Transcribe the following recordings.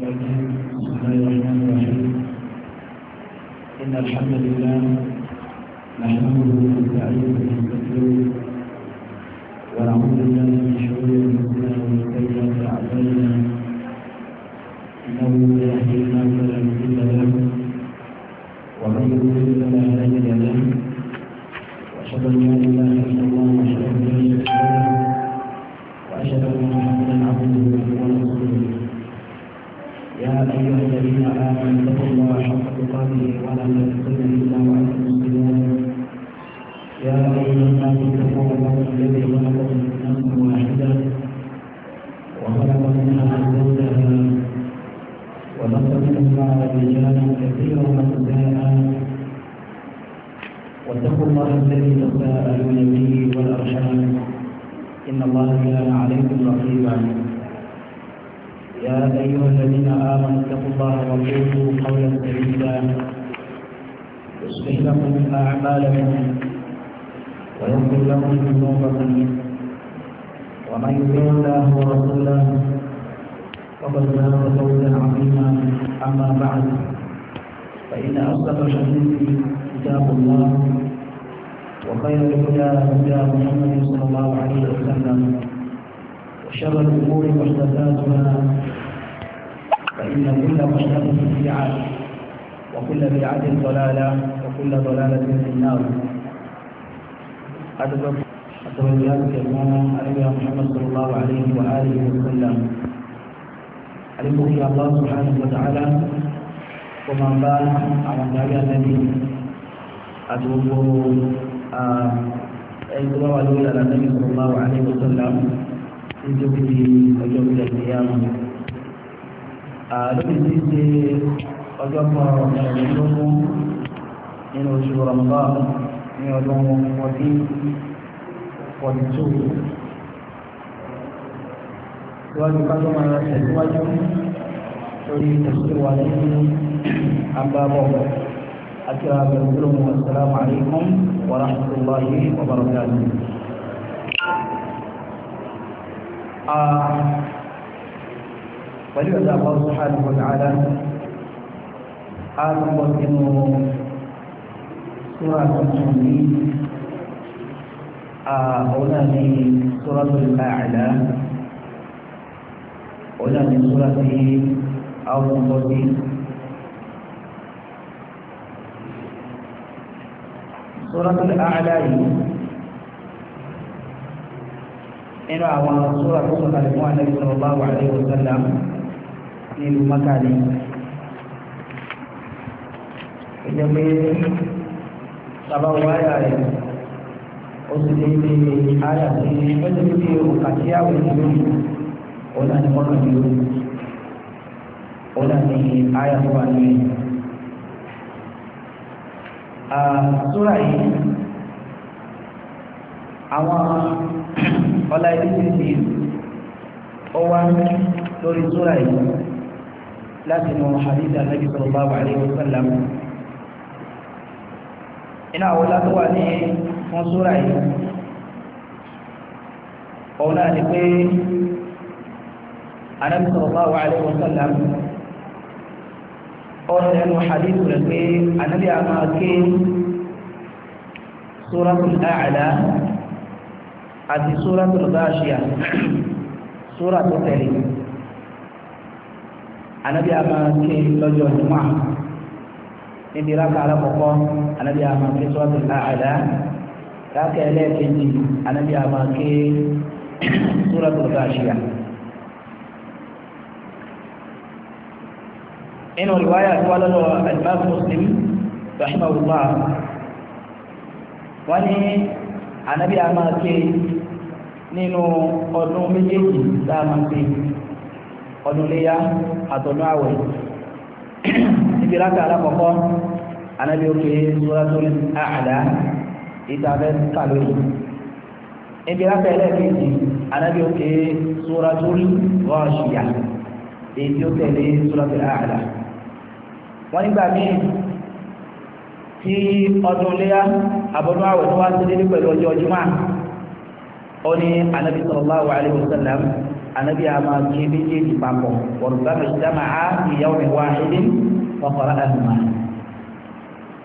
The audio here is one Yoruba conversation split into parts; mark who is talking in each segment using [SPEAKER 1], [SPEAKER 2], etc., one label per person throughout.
[SPEAKER 1] الحمد لله نحمده ونستعينه ونستغفره
[SPEAKER 2] أستغفره والسلام عليكم ورحمة الله وبركاته pẹ̀lú ọ̀dá Allah subhanahu wa ta'ala a ń bọ̀ sínú súra tuntun ní àwọn náà ní suratul A'la òun náà ní súra tí a ń bọ̀ sí Suratul A'la yìí nínú àwọn sóra tó sọ kalẹ̀ fún Ànábì sallallahu alaihi wasallam nílùú Mákàlì. Ìjọ pé sábà wáyà rẹ̀ ó sì lé ní àyà tí ó ti fi òkà tí àwọn ènìyàn lórí ọ̀la ni wọ́n kàn ní lórí ọ̀la ni àyà tó wà nínú àtúrà yìí àwọn ọlá ìdíjìdì ó wá lórí súrà yìí láti mọ hadith Ànábì sallallahu alaihi wasallam iná àwọn ọlá tó wà ní fún súrà yìí òun ni pé Ànábì sallallahu alaihi wasallam ọ̀sẹ̀ ẹnu hadith rẹ̀ pé ànábì a máa ké suratul A'la àti suratul Ghashiyah sóra tó tẹ̀lé ànábì a máa ké lọ́jọ́ ìmọ̀ níbi rákà alákọ̀ọ́kọ́ ànábì a máa ké suratul A'la rákà ẹlẹ́ẹ̀kejì ànábì a máa ké suratul Ghashiyah. nínú ìwáyà tó wá lọ́dọ̀ alimami muslim rahimahullah wọ́n ní anabi amake nínú ọdún méjèèjì láàmàgbé ọdún léyà àtọ̀dún àwẹ̀ níbi rákà alákọ̀ọ́kọ́ anabi òkè suratul A'la ìtàfẹ́ kàlóyè níbi rákà ẹlẹ́ẹ̀kejì anabi òkè suratul Ghashiyah èyí tí ó tẹ̀lé suratul A'la wọ́n nígbà míì tí ọdún léyà àbọ̀dún àwẹ̀ tó wá sí délé pẹ̀lú ọjọ́ jùmọ̀ ó ní anabi sallallahu alayhi wa sallam anabi àmà kí méjèèjì papọ̀ wọ̀rùbá mẹ́sìdámà á ìyàwó mi wá ilé wọ́kọ̀rọ̀ àdùnmá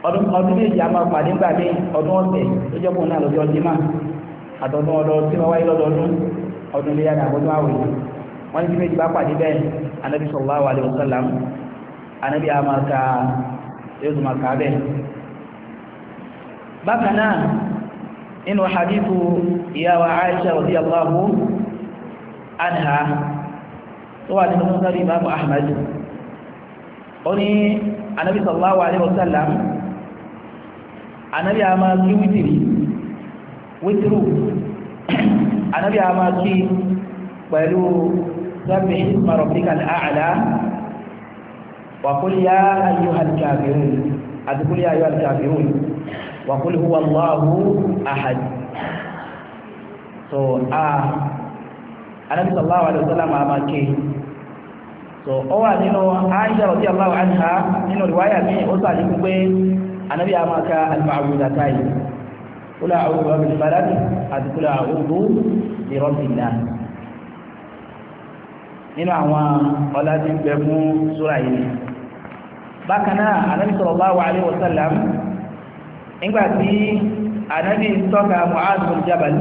[SPEAKER 2] ọdún ọdún méjì àmà pàdé nígbà míì ọdún ọ̀sẹ̀ lọ́jọ́ kùn náà lọ́jọ́ jùmọ̀ àtọ̀dún ọdọ tí wọ́n wáyé lọ́dọọdún ọdún léyà ní àbọ̀dún àwẹ̀ wọ́n ní anabi a máa ka yóò tún máa kà á bẹ́ẹ̀. bákan náà nínú hadithu ìyàwó aisha radiyallahu anha tó wà nínú sọ́rí imaamu ahmed ó ní anabi sallallahu alayhi wa sallam anabi a máa kí wítìrì anabi a máa kí pẹ̀lú sábẹ̀ ìsmarọ̀ وقل يا أيها الكافرون أقول يا أيها الكافرون وقل هو الله أحد so ah anabi sallallahu alaihi wasallam amake so ó wà nínú aisha radiyallahu anha nínú riwaya mi ó sa ni pé anabi amaka al-ma'budatai qul a'udhu bi rabbil falaq àti qul a'udhu bi rabbin nas nínú àwọn ọlá tí ń bẹ fún súra bákanáà anábì sallallahu alaihi wasallam nígbàtí anábì tọ́ka Mu'adh bin Jabal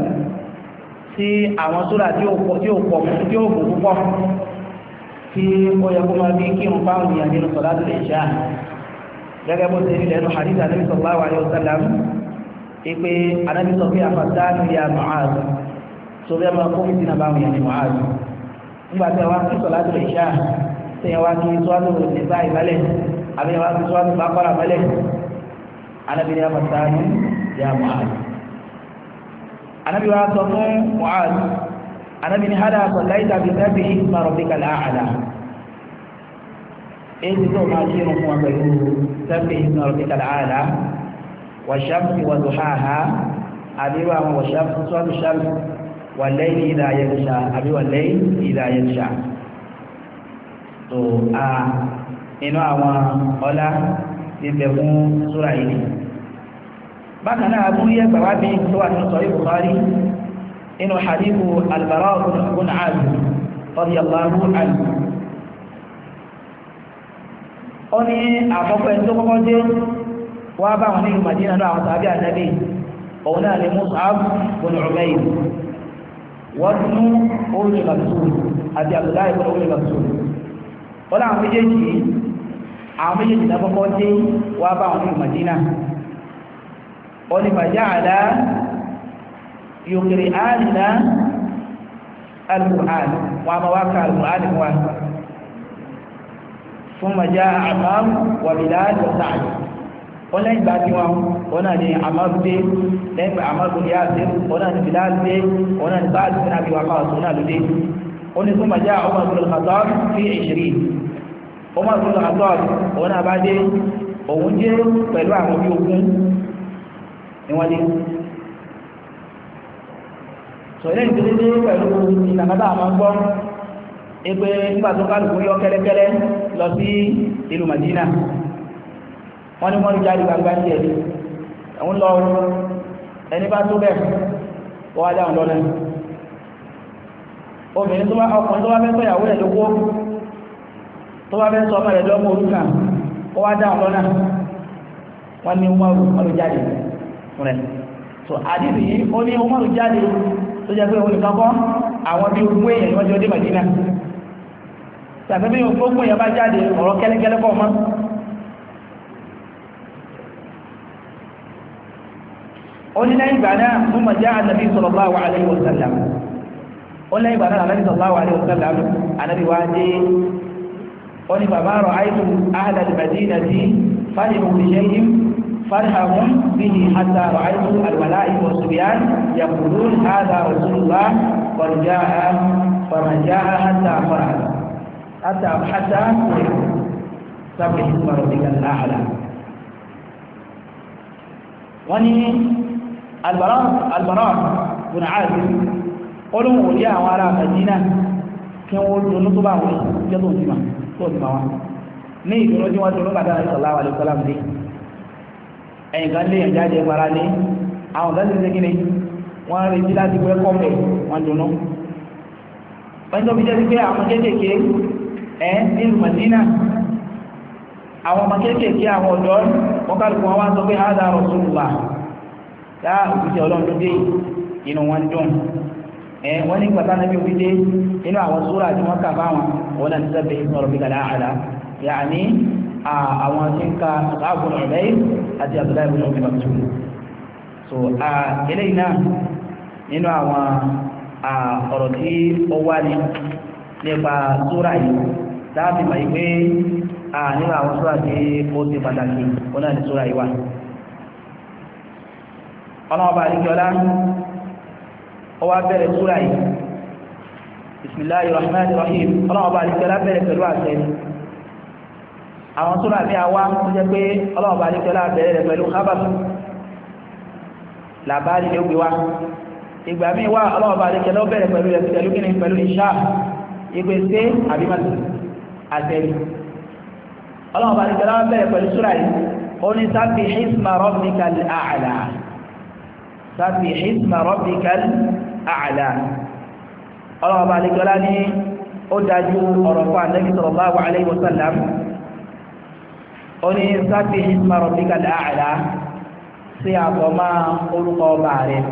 [SPEAKER 2] sí àwọn súra tí ó pọ̀ tí ó pọ̀ tí ó kù púpọ̀ tí ó yẹ kó máa bí kí n fa òyìn àdínú salatu al-isha gẹ́gẹ́ bó ṣe nílẹ̀ ẹnu hadith anábì sallallahu alaihi wasallam ipe anábì sọ pé àfàdánù ya Mu'adh tó bẹ́ẹ̀ máa kó fìdí náà bá òyìn àdínú Mu'adh nígbàtí àwọn salatu al-isha tẹ̀yẹ̀ wá kí sọ́dún ìsáà ìbálẹ̀ àbí ìwà tó wá nípa kọ́ra mọ́lẹ̀ anábì ní ọmọ sáájú ya Mu'ad anábì wa sọ fún Mu'ad anábì ní hádà sọ láìta bí sábì ìgbà rọ̀bí kalẹ̀ àhàlà èyí tó máa ṣe irun fún wa pẹ̀lú sábì ìgbà rọ̀bí kalẹ̀ àhàlà wàṣàmùsì wà dùhàhà àbí wà àwọn wàṣàmùsì wà dùhàhà wà lẹ́yìn ìdá ayẹyẹ ṣá àbí wà lẹ́yìn ìdá ayẹyẹ ṣá. nínú àwọn ọlá tí ń bẹ fún súra yìí bákan náà abúrú yẹ gbàwá bí tó wà nínú sọ̀rọ̀ Bukhari nínú hadithu al-Bara' ibn Azib radiyallahu anhu ó ní àkọ́kọ́ ẹni tó kọ́kọ́ dé wá bá wọn nínú Madina náà àwọn tàbí ànábì òun náà ni Mus'ab ibn Umayr wọ́n nú orí umm Maktoum àti Abdullahi ibn Umm Maktoum wọ́n láwọn méjèèjì yìí àwọn méjèèjì lákọ́kọ́ dé wá bá àwọn ìlú Madina wọ́n ni bàjá àdá yòkèrè àdìdá al-Qur'an wọn a máa wá ka al-Qur'an fún wa fún bàjá Ammar wà Bilal wa Sa'd wọ́n lẹ́yìn gbà tí wọn wọ́n náà ni Ammar dé lẹ́yìn gbà Ammar dé yáàdé wọ́n náà ni Bilal dé wọ́n náà ni Sa'd bin Abi Waqqas wọ́n náà ló dé wọ́n ni fún bàjá Umar bin al ọmọ ìlú àtọ́ọ̀lù òun náà bá dé òun jẹ́ pẹ̀lú àwọn bí ogun ni wọ́n dé sọ̀rọ̀ ìdílé dé pẹ̀lú ìlànàdà àmọ́ gbọ́ ebe nígbà tó yọ kẹ́lẹ́kẹ́lẹ́ lọ sí ìlú Madina wọ́n ni wọ́n rí jáde gbangba òun lọ ẹni bá tó bẹ̀ wọ́n dáhùn obìnrin tó ọkùnrin tó ìyàwó tó bá fẹ́ sọ ọmọ rẹ̀ lọ́mọ orúkà ó wá dáhùn lọ́nà wọ́n ní umaru umaru jáde rẹ̀ so àdìsí yìí ó ní umaru jáde tó jẹ́ pé òun nìkan kọ́ àwọn bí ogún èèyàn ni wọ́n jọ dé Madina tàbí bí ogún èèyàn bá jáde ọ̀rọ̀ kẹ́lẹ́kẹ́lẹ́ kọ́ mọ́ ó ní lẹ́yìn ìgbà náà mú màjá ànàbí sallallahu alaihi wasallam ó lẹ́yìn ìgbà náà ànàbí sallallahu alaihi wasallam ànàbí wá dé قولي فما رأيتم أهل المدينة فرحوا بشيء فرحوا به حتى رأيتم الملائكة والصبيان يقولون هذا رسول الله فرجاء فرجاء حتى فرحوا حتى حتى سبح اسم ربك الأعلى وني البراء البراء بن عازم قلوا يا ولا مدينة كان ولد نطبع ولد يضون tó ti mọ̀ wọn ní ìdúró tí wọ́n dúró bàtà sallallahu alaihi wasallam dé ẹ̀yìn kan lé yàn jáde para ní àwọn kan ti ṣe kí ni wọ́n retí láti wẹ́ kọ́mẹ̀ wọ́n dùnú wọ́n tó fi jẹ́ pé àwọn kéékèèké ẹ̀ nílùú Madina àwọn ọmọ kéékèèké àwọn ọ̀dọ́ wọ́n kálukú wọn wá sọ pé hádà Rasulullah dá òkúta ọlọ́run ló dé inú wọn dùn ẹ eh, wọn ní gbàtà nàbí òbí dé inú àwọn súra tí wọn kà fáwọn wọn náà ti sábẹ ìsọrọ bí kàlá àlá yàní àwọn tí ń ka àbùn ọ̀rẹ́ àti àbúlá ìbùn ọ̀rẹ́ bàbá tó so eléyìí náà nínú àwọn ọ̀rọ̀ tí ó wá ní nípa súra yìí láti mọ̀ pé nínú àwọn súra tí ó ti pàtàkì wọn náà ti súra yìí wà ọlọ́wọ́ bá àdékọ́lá ọwọ́ abẹ́rẹ́ súra yìí bismillahir rahmanir rahim ọlọ́wọ́ bá alìkẹ́lá bẹ̀rẹ̀ pẹ̀lú àṣẹ àwọn súra ní àwa tó jẹ́ pé ọlọ́wọ́ bá alìkẹ́lá bẹ̀rẹ̀ pẹ̀lú kábàtù làbárí ló gbé wa ìgbà míì wá ọlọ́wọ́ alìkẹ́lá bẹ̀rẹ̀ pẹ̀lú pẹ̀lú àlà ọlọ́wọ́ bá lè jọlá ní ó dájú ọ̀rọ̀ fún ànábì sallallahu alaihi wasallam ó ní sábì isma rabbika al-a'la sí àbọ̀má orúkọ ọba rẹ̀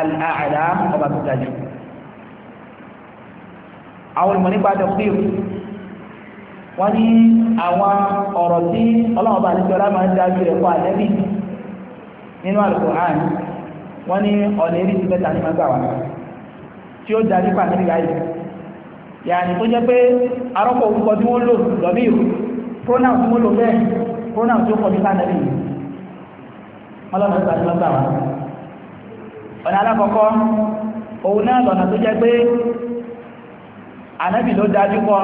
[SPEAKER 2] al-a'la ọba tó dájú àwọn wọ́n ní àwọn ọ̀rọ̀ tí ọlọ́wọ́ bá máa ń dájú ẹ̀kọ́ ànábì nínú Al-Qur'an wọ́n ní ọ̀nà eré ti mẹ́ta ní máa gbà wá tí ó darí pàtàkì láyé yàní tó jẹ́ pé arọ́pọ̀ orúkọ tí wọ́n lò lọ́bí ìrù pronoun tí wọ́n lò bẹ́ẹ̀ pronoun tí ó kọjú sánẹ́lì ọlọ́nà tó àti lọ́gbà wá ọ̀nà alákọ̀ọ́kọ́ òun náà lọ́nà tó jẹ́ pé ànábì ló dájú kọ́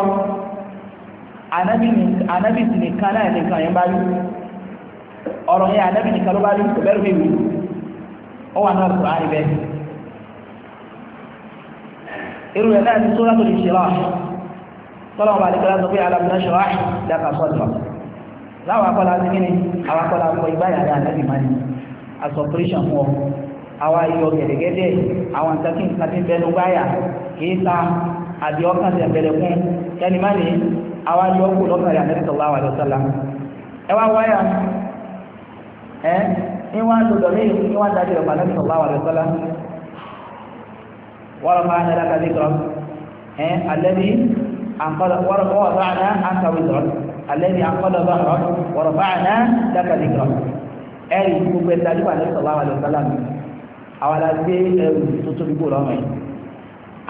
[SPEAKER 2] ànábì nìkan náà nìkan yẹn bá rí ọ̀rọ̀ yẹn ànábì nìkan ló bá rí kò bẹ́rù mi wù ọ wà náà kùrọ̀ àríbẹ̀ irú rẹ̀ náà ti sóra tó lè ṣe lọ tọ́lọ̀ ọba àdìgbà sọ pé alamina ṣọ́ra dáka sọ́dọ̀ láwọn akọ́lá sí kíni àwọn akọ́lá kọ ìgbáyà dáa lẹ́bi mani as operation fún ọ àwọn ayọ̀ gẹ̀dẹ̀gẹ̀dẹ̀ àwọn nǹkan tí ń bẹnu gbáyà kìí ta àbí ọkàn tẹ̀ bẹ̀rẹ̀ fún kẹ́ni má ní àwọn ayọ̀ kù lọ́kàn rẹ̀ àtẹ́sọ̀lá wà ẹ wá wáyà ẹ́ ní wọ́n lò lọ́lé ìlú ní wọ́n dájú ọ̀pá lẹ́nu ọ̀bá wàlẹ̀ sọ́lá wọ́n máa nẹ́lá kàdé kọ́ ẹ́ alẹ́bí wọ́rọ̀fọ́wọ́sọ́ọ̀nà àkàwé sọ́rọ̀ alẹ́bí akọ́lọ́bọ̀rọ̀ wọ́rọ̀fọ́ọ̀nà dákàdé kọ́ ẹ̀rì gbogbo ẹ̀ta ló wà lẹ́nu ọ̀bá wàlẹ̀ sọ́lá àwọn alágbé ẹrù tó tóbi kó lọ́mọ yìí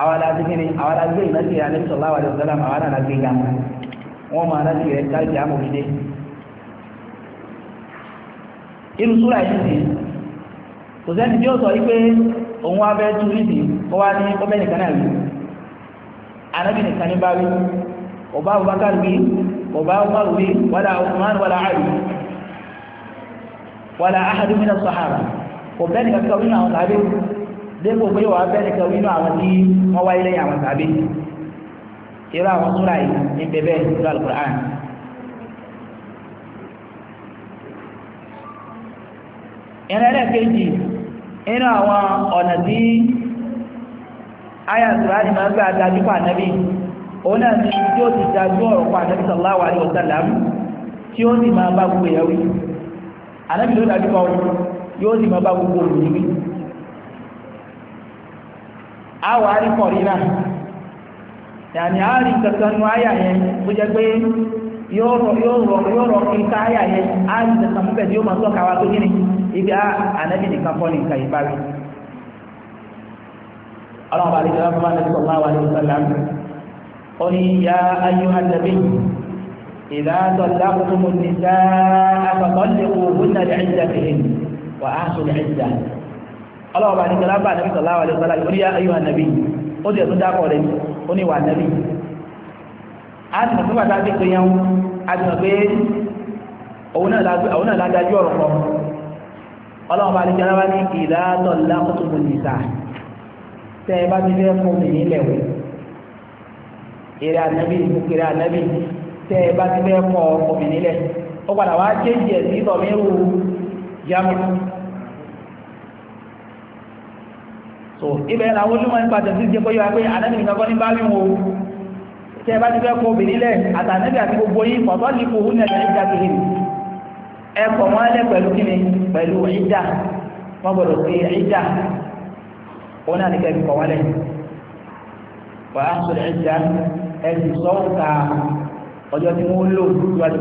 [SPEAKER 2] àwọn alágbé kíni àwọn alágbé ìlànà ìlànà ìlànà ìlànà àwọn alágbé ga wọn máa láti irú súra yìí sì kò sẹ́ni tí ó sọ wípé òun wá fẹ́ tú nìdí ó wá ní ó bẹ́ẹ̀ nìkan náà rí anábì nìkan ní bá rí ọba Abubakar rí ọba Umar rí wàlá Uthman wàlá Ali wàlá ahadu min as-sahaba nìkan kọ́ nínú àwọn tàbí dépò pé wàá bẹ́ẹ̀ nìkan nínú àwọn tí wọ́n wáyé lẹ́yìn àwọn tàbí irú àwọn súra yìí ní bẹ́ẹ̀ bẹ́ẹ̀ ní ìrẹ́lẹ̀ kejì inú àwọn ọ̀nà tí ayàtùránì máa gbà dájú pa ànábì òun náà ni tí ó ti dájú ọ̀rọ̀ pa ànábì sallallahu alaihi wasallam tí ó sì máa bá gbogbo ìyàwó ànábì ló dájú pa òun yóò sì máa bá gbogbo olùdíwí àwọn àríkọ̀ rírà yàní àárín kankan nu àyà rọ̀ kí n ká àyà yẹn àárín tí ó máa tọ́ka wa tó kí ibi ànábì nìkan kọ́ ní nǹkan yìí báyìí ọlọ́run bá lè jẹ́ lọ́kọ́ bá lè sọ̀rọ̀ àwọn àlejò sọ̀rọ̀ àmì ó ní ya ayyuhan nabi idha tallaqtumun nisaa fatalliquhunna li'iddatihinna wa ahsul 'iddah ọlọ́run bá lè jẹ́ lọ́kọ́ bá lè sọ̀rọ̀ àwọn àlejò sọ̀rọ̀ àmì ó ní ya ayyuhan nabi ó ti ẹ̀tún dákọ̀ rẹ̀ ó ní wà nabi ọlọ́run bá nìkan wá ní ìdáàtọ̀ lákòókò nìta tẹ́ ẹ bá ti fẹ́ fún mi nílẹ̀ wẹ̀ eré anabi ìfúkiri anabi tẹ́ ẹ bá ti fẹ́ kọ́ fún mi nílẹ̀ ó padà wá chéjì ẹ̀sìn ìtọ̀míru jamu so ibẹ̀ làwọn olúmọ̀ nípa tẹ̀sí jẹ́ pé yọ pé anabi nìkan kọ́ ní báwí wo tẹ́ ẹ bá ti fẹ́ kọ́ obìnrin lẹ̀ àtànẹ́bí àti gbogbo yìí pọ̀tọ́ ní kò hún ní ẹ̀jẹ̀ ìjà kìhìn ẹ̀kọ́ wọn lẹ pẹ̀lú kíni pẹ̀lú ìdá wọn gbọ́dọ̀ sí ìdá wọn náà ní kẹbi kọ wọn lẹ wà á sọ ìdá ụlọ sọ̀rọ̀ ká ọjọ́ tí wọ́n lò síwájú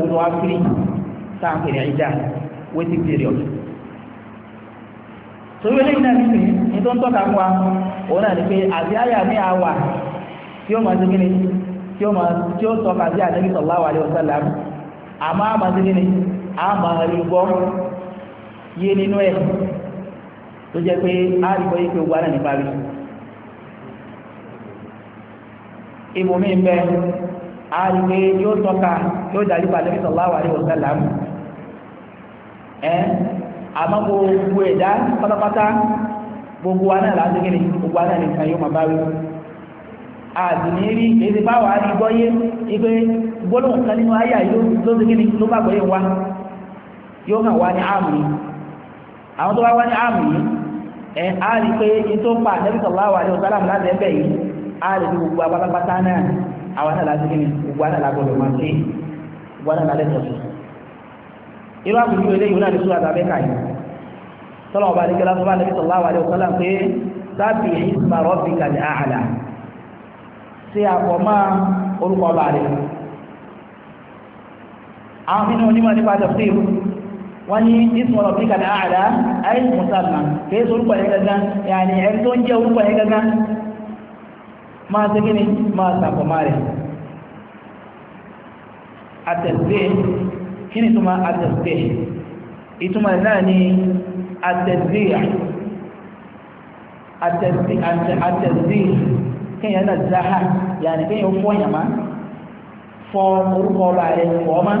[SPEAKER 2] ọtụtụ. torí náà ní tó ń tọ́ka fún wa náà pé àbí àyà mi à wà tí ó máa kíni tí a máa rí gbọ́ yé nínú ẹ̀ tó jẹ́ pé a rí gbọ́ yí pé ogun ara nípa rí ibùmí ń bẹ a rí pé yóò tọ́ka yóò darí pa Ànábì sallallahu alaihi wasallam ẹ́ àmọ́ gbogbo ẹ̀dá pátápátá gbogbo wa náà láti gíní gbogbo wa náà nìkan yóò máa bá rí àdìnírí èdè báwa rí gbọ́yé ipé gbólóhùn kan nínú ayé àyè ló ti gíní ló bá gbọ́yé wa yóò hàn wá ní àmì àwọn tó bá wá ní àmì ẹ̀ á rí pé ní tó pa ànábì sallallahu alaihi wasallam láti ẹ̀bẹ̀ yìí á rí ní gbogbo abábápátá náà àwọn náà láti kíni gbogbo àná làgbọ̀dọ̀ máa ṣe gbogbo àná lálẹ́ sọ̀tún irú àbùjú eléyìí náà ní sùúrù àtàbẹ́ káyìí tọ́lọ̀ ọba ní kẹlá bá nàbí sallallahu alaihi wasallam pé sábì ìsìnmà rọ́bì kàlẹ̀ àhàlà sí àpọ̀mọ́ orúkọ ọba rẹ̀ àwọn nínú onímọ̀ nípa tẹ̀síìrù wọ́n ní ìsọ̀rọ̀ bí kàlẹ́ àdá ayé mùsàlùmá kìí sọ orúkọ yẹn gangan yàní ẹni tó ń jẹ́ orúkọ yẹn gangan máa ṣe kí ni máa ṣàkómá rẹ̀ àtẹ̀sẹ̀ kí ni ìtumọ̀ àtẹ̀sẹ̀ ìtumọ̀ náà ni àtẹ̀sẹ̀ àtẹ̀sẹ̀ àtẹ̀sẹ̀ kéèyàn náà záhà yàní kéèyàn fọ́ yàmá fọ́ orúkọ ọba rẹ̀ fọ́ máa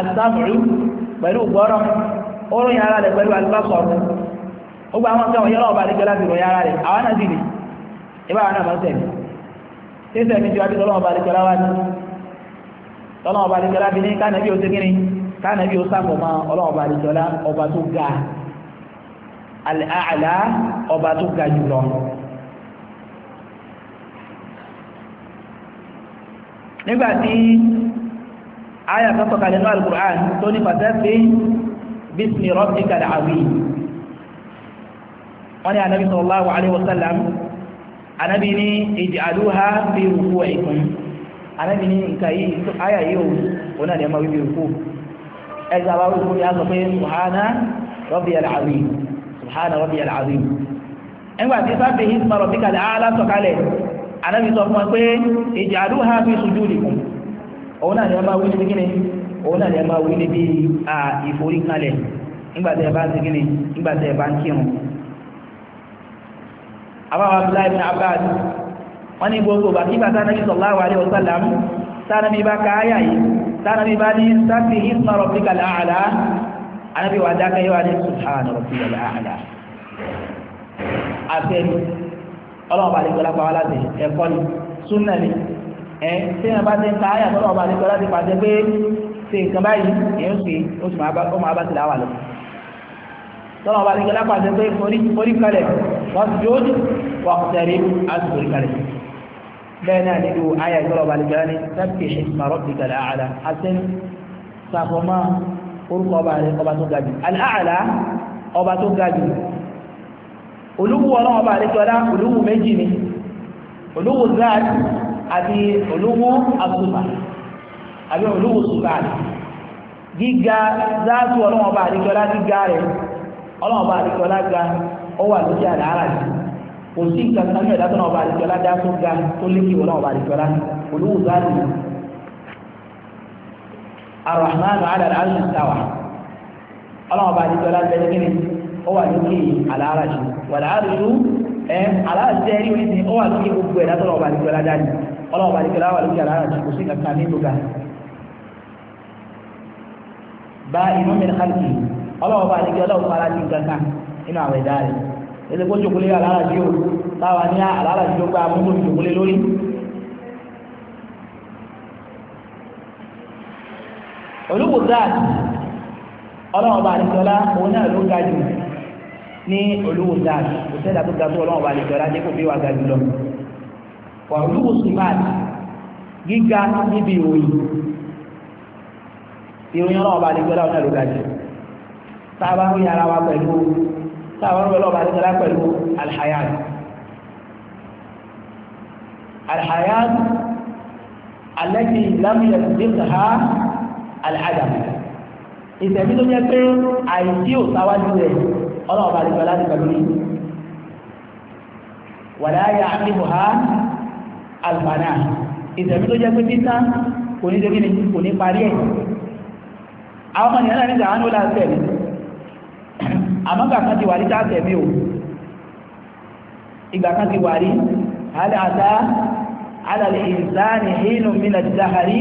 [SPEAKER 2] asámùrú pẹ̀lú gbọ́rọ̀ ó ròyìn ara rẹ̀ pẹ̀lú alùpàkọ̀ọ̀rọ̀ ó gba àwọn akẹ́wọ̀n yọ́rọ̀ ọba àdéjọ́ láti ròyìn ara rẹ̀ àwọn náà sì ní àwọn náà mọ́sẹ̀ tí sẹ́mi ju abí ní kánàbí ó ọba tó ga àlá ọba tó ga jùlọ nígbàtí aya kan sọ̀kalẹ̀ ní alukur'an tó ní pàtẹ́sì bísmi rabbikal azim wọ́n ní anabi sallallahu alayhi wa sallam anabi ní ij'aluha fi ruku'ikum anabi ní nǹkan yìí aya yìí o òun náà ní ẹ̀ma wíwí rúkú ẹ̀sìn àbá rúkú ni a sọ pé subhana rabbiyal azim subhana rabbiyal azim ẹgbà tí sáfì hisma rabbikal a'la sọ̀kalẹ̀ anabi sọ fún wa pé ij'aluha fi sujudikum òun náà ni a máa wí níbi kíni òun náà ni a máa wí níbi ìforíkalẹ̀ nígbàtí ẹ bá ń kíni nígbàtí ẹ bá ń kírun àbáwá abdullahi bin abbas wọ́n ní gbogbo bá kí bàtà nàbí sallallahu alaihi wasallam sánàbí bá káyà yìí sánàbí bá ní sáfì isma rabbikal a'la anábí wà dákẹ́ yóò wá ní subhana rabbikal a'la àfẹ́ ẹ tí wọn bá ti ń ka ayà tọ́lọ́ ọba àdékọ́ láti pàṣẹ pé ṣe nǹkan báyìí èyí ń ṣe ó sì máa bá tìlà wà lọ tọ́lọ́ ọba àdékọ́ láti pàṣẹ pé forí kalẹ̀ wọ́n ti jóòjì wà kùtẹ̀rí àti forí kalẹ̀ bẹ́ẹ̀ náà nínú ayà tọ́lọ́ ọba àdékọ́ ní sábì ìṣẹ̀mọ̀rọ̀ ìkàlẹ̀ àlà àti sàfọ́mọ́ orúkọ ọba tó ga jù ọba tó ga jù olúwo ọba àdékọ́ lá méjì ni olúwo záàdì àti olúwo àtùbà àbí olúwo tùbà gíga záàtù ọlọ́wọ́n bá àdìgbọ́lá gíga rẹ̀ ọlọ́wọ́n bá àdìgbọ́lá ga ó wà lójú àdára yìí kò sí nǹkan ẹ̀dá tó náà bá ga tó lékè ọlọ́wọ́n bá àdìgbọ́lá olúwo záàtù arahman ala al'arshi tawa ọlọ́wọ́ bá ní tọ́lá tẹ́lẹ̀ gíní ó wà lókè alárasù wà láàrùsù ẹ ó wà lókè gbogbo ẹ̀dá bá ọlọ́run bá dìkẹ́ láwà lókè àlàárà tí kò sí kankan ní tó ga bá inú mi kálíkì ọlọ́run bá dìkẹ́ ọlọ́run fara ti kankan nínú àwọn ẹ̀dá rẹ̀ ẹsẹ̀ kó jòkúlé àlàárà tí ó táwa ní àlàárà tí ó gba mọ́tò jòkúlé lórí olùkù zaad ọlọ́run bá dìkẹ́ ọlá òun náà ló ga jù ní olùkù zaad kò sẹ́dá tó ga bá dìkẹ́ ọlá dé bí wà ga wàhálù mùsùlùmáàdì gíga níbi ìròyìn ìròyìn ọlọ́wọ́ bá dìgbẹ́lá ọ̀nà ló gajù táàbá ń yára wa pẹ̀lú táàbá ń wẹ̀lọ́ bá dìgbẹ́lá pẹ̀lú alhayat alhayat alẹ́kì lámìlẹ̀ dínkà alhadam ìtẹ̀mí ló jẹ́ pé àìsí ò sáwájú rẹ̀ ọlọ́wọ́ bá dìgbẹ́lá ti pẹ̀lú wàlá yà á alfàdà ìsẹ̀mí tó jẹ́ pé títà kò ní débí ni kò ní parí ẹ̀ àwọn ọmọ nìyàn nígbà wọn ló lá sẹ̀mí àmọ́ gbà kan ti wà rí tá sẹ̀mí o ìgbà kan ti wà rí aláàdá alàlẹ̀ ìsáàni hínú mílẹ̀ dáhàrí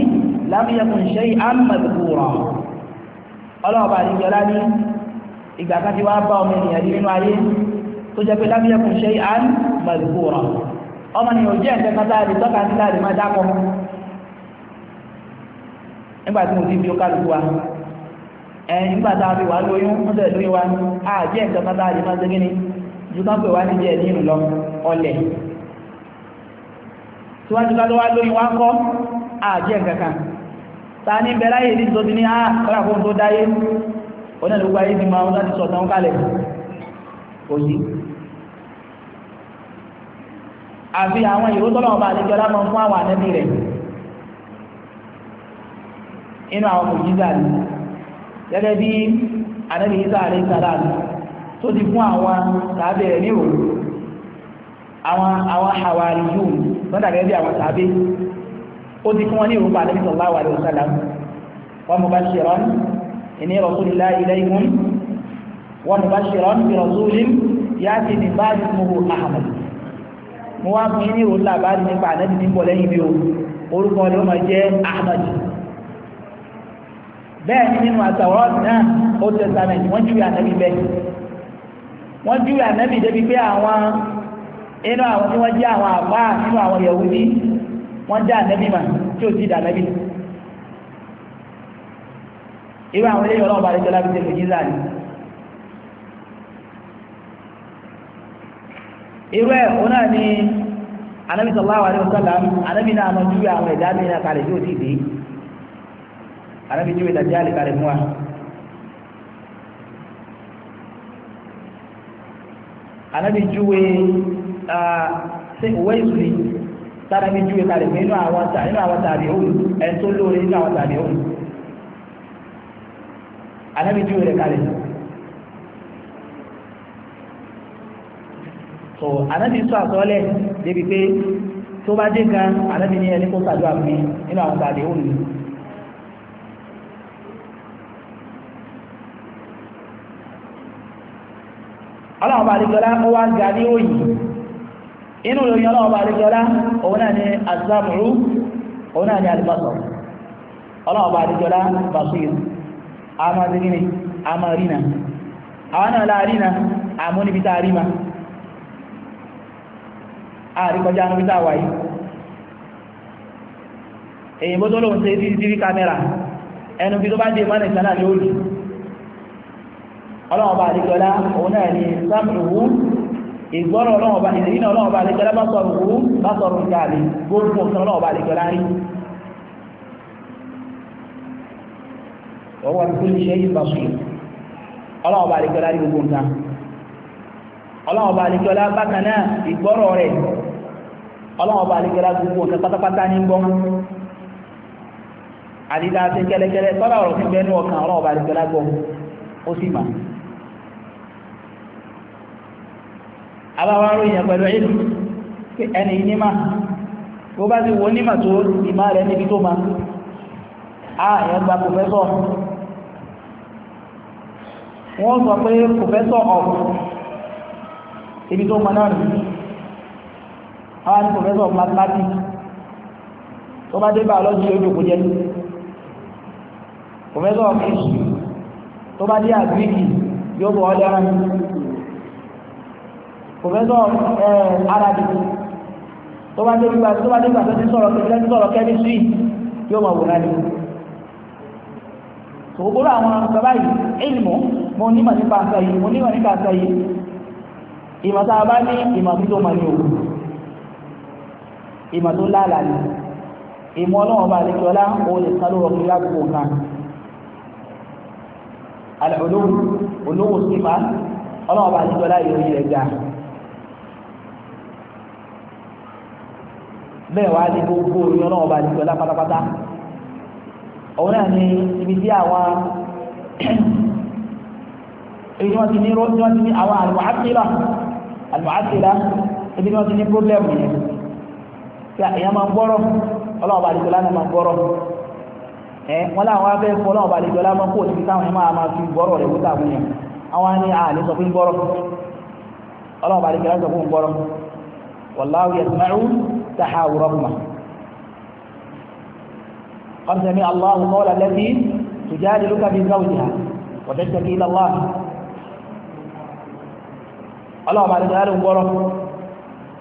[SPEAKER 2] ọmọ ni òjẹ́ ẹ̀fẹ́ kátàrí tọ́ka sí láàrin máa dákọ̀ nígbà tí mo ti fi okálùkù wa ẹ̀yìn nígbà tá a fi wà lóyún wọ́n tẹ̀ lóyún wa àjẹ́ ẹ̀fẹ́ kátàrí máa ṣe gíní ju kán pè wá ní jẹ́ ní ìrùlọ ọlẹ̀ síwájú ká ló wá lóyún wá kọ́ àjẹ́ kankan ta ní bẹ̀rẹ̀ ayé ní tòbí ní àkàrà fún tó dáyé onílùgbà yìí ti máa ń láti sọ̀tàn kálẹ̀ òyìn àfi àwọn ìró tọ́lọ́wọ́ bá àlejò ọlá máa ń fún àwọn ànábì rẹ̀ inú àwọn mùjíza ni gẹ́gẹ́ bí ànábì Isa alayhi salam tó ti fún àwọn tàbí rẹ̀ ní òru àwọn àwọn àwárí yóò lọ́dà gẹ́gẹ́ bí àwọn tàbí ó ti fún wọn ní òrùpa ànábì sallallahu alayhi wa sallam wa mubashiran inni rasulillahi ilaykum wa mo wá fún yín ní ìròyìn làbáàdì nípa ànábì tí ń bọ̀ lẹ́yìn mi o orúkọ rẹ̀ ó máa jẹ́ ahmed bẹ́ẹ̀ ni nínú àtàwọn náà ó testament wọ́n júwe ànábì bẹ́ẹ̀ wọ́n júwe ànábì débi pé àwọn inú àwọn tí wọ́n jẹ́ àwọn àbá nínú àwọn yahudi wọ́n jẹ́ ànábì mà tí ó ti dà ànábì irú àwọn eléyìí ọlọ́ọ̀bá àdéjọ́lá fi ṣe fèjì láàrin irú ẹ̀ òun náà ni anabi sallallahu alayhi wa sallam anabi náà máa júwe àwọn ẹ̀dá mi náà kalẹ̀ yóò ti dé anabi júwe dajjal kalẹ̀ mú wa. anabi júwe ṣe òwe ìsúlẹ̀ tánàbí júwe kalẹ̀ nínú àwọn tàbí òun ẹ̀ tó lóore nínú àwọn tàbí òun anabi júwe rẹ̀ kalẹ̀. so anábì sọ àsọ́lẹ̀ débi pé tó bá dé gan anábì ní ẹni kó sàdúrà fún mi nínú àwọn tàbí òun ni ọlọ́ọ̀bà àríkọlá ó wá ga ní òyìn inú ìròyìn ọlọ́ọ̀bà àríkọlá òun náà ni azamu'u òun náà ni alibasọ ọlọ́ọ̀bà àríkọlá basir náà àmúnibítà àríkọjá ń gbítà wáyé èyí bó tó lóun ṣe cctv camera ẹnu bí tó bá dé mọ́nà ìsáná ni ó lù ọlọ́wọ́n òun náà ni sáàmùrù ìgbọ́rọ̀ ọlọ́wọ́n bá ìdè iná bá sọ̀rọ̀ wú bá sọ̀rọ̀ gbogbo rí ọlọ́wọ́n bá alẹ́gẹ́lá gbogbo nǹkan pátápátá ní gbọ́n àdídá àti kẹ́lẹ́kẹ́lẹ́ tọ́lá ọ̀rọ̀ fún bẹ́ẹ̀nú ọkàn ọlọ́wọ́n bá alẹ́gẹ́lá gbọ́n ó sì mà abáwárò èèyàn pẹ̀lú ìlú ẹni nímà àwọn ní professor of mathematics tó bá dé biology yóò dòkó jẹ́ professor of history tó bá dé agriki yóò bọ̀ ọ́dẹ́ ara professor of eh, arabic tó bá dé gbà tó bá dé gbà tó ti sọ̀rọ̀ kẹ́kẹ́ ti sọ̀rọ̀ chemistry yóò mọ̀ wòrán ni ògbóró àwọn bàbá yìí ìlmọ̀ mo nímọ̀ nípa àṣà yìí mo nímọ̀ nípa àṣà yìí ìmọ̀ a bá ní ìmọ̀ tó tó mọ̀ ní òkú ìmọ̀ tó lálàá ni ìmọ̀ ọlọ́run bá lékè ọlá òun lè sá lórọ̀ kiri lágbègbè kan alẹ́olówó olówó sífà ọlọ́run bá lékè ọlá ìròyìn rẹ̀ ga bẹ́ẹ̀ wá ní gbogbo ìròyìn ọlọ́run bá lékè ọlá pátápátá òun náà ni ibi tí àwọn èyí wọ́n ti ní àwọn àlùmọ́ àtìlá àlùmọ́ àtìlá ibi tí wọ́n ti ní pọ́blẹ́mù yẹn èèyàn máa ń gbọ́rọ̀ ọlọ́run bá àlejò lánàá máa ń gbọ́rọ̀ ẹ wọn láwọn abẹ́ fún ọlọ́run bá àlejò lánàá kó òsì táwọn èèyàn máa máa fi gbọ́rọ̀ rẹ̀ wúta fún yẹn àwọn ní àlè sọ fún gbọ́rọ̀ ọlọ́run bá àlejò sọ fún gbọ́rọ̀ wallahu yasma'u tahawurakuma قد سمع الله قول التي تجادلك في زوجها وتشتكي الى الله الله بعد ذلك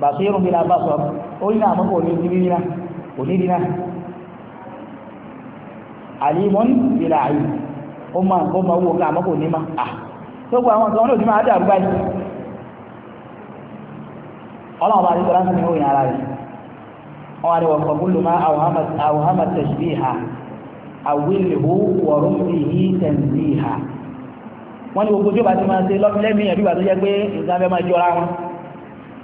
[SPEAKER 2] basirun bila basar ó ní àmọ́ kò ní ìdíríra kò ní alimun bila ayi ó ma ó ma ma a. tó gba àwọn ọ̀sán olóòtú máa dàrú báyìí ọlọ́run bá dídọ́lá sí ní òyìn ara rẹ̀ wọ́n wá ní wọ́n fọ́kúlù máa àwòhámà tẹ̀síbí ha àwílìhú wọ̀rún sí i tẹ̀síbí ha wọ́n ní gbogbo ti máa ṣe tó jẹ́ pé máa jọra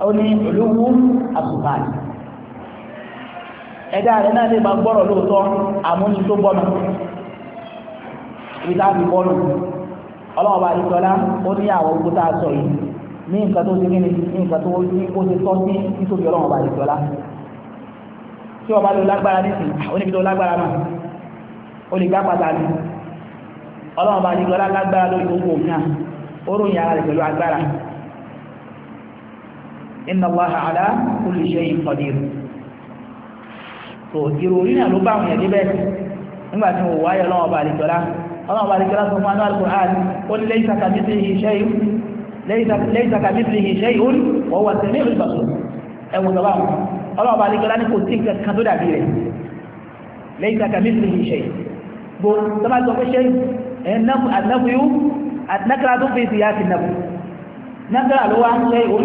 [SPEAKER 2] ó ní olówó àtùpàì ẹ̀dá rẹ̀ náà lè máa gbọ́rọ̀ lóòótọ́ àmúni tó bọ́nà ibi táàbí bọ́ọ̀lù ọlọ́ọ̀bá àdìsọ́lá ó ní àwọn ogun tá a sọ yìí ní nǹkan tó ti ní nǹkan tó ní ó ti tọ́ sí nítorí ọlọ́ọ̀bá àdìsọ́lá tí ọba ló lágbára nísìn ó níbi tó lágbára náà ó lè gbá pàtàkì ọlọ́ọ̀bá àdìsọ́lá lágbára lórí gbogbo òun náà ó ròyìn ara rẹ̀ pẹ̀lú agbára inna Allaha ala kulli shay'in qadir tó ìròyìn náà ló bá àwọn èèyàn débẹ̀ nígbà tí wọ́n wáyé ọlọ́wọ́ ọba àlejòlá ọlọ́wọ́ àlejòlá sọ fún aláàlú Qur'an ó ní laysa kamithlihi shay'un laysa kamithlihi shay'un wa huwa as-sami'ul basir ẹ̀wọ̀n tó bá wọn ọlọ́wọ́ àlejòlá ní kò sí nǹkan tó dàbí rẹ̀ laysa kamithlihi shay'un bó tọ́ba sọ pé shay'un ẹ̀ nàkúrà tó fi sí yá sí nàkúrà ló wá ń shay'un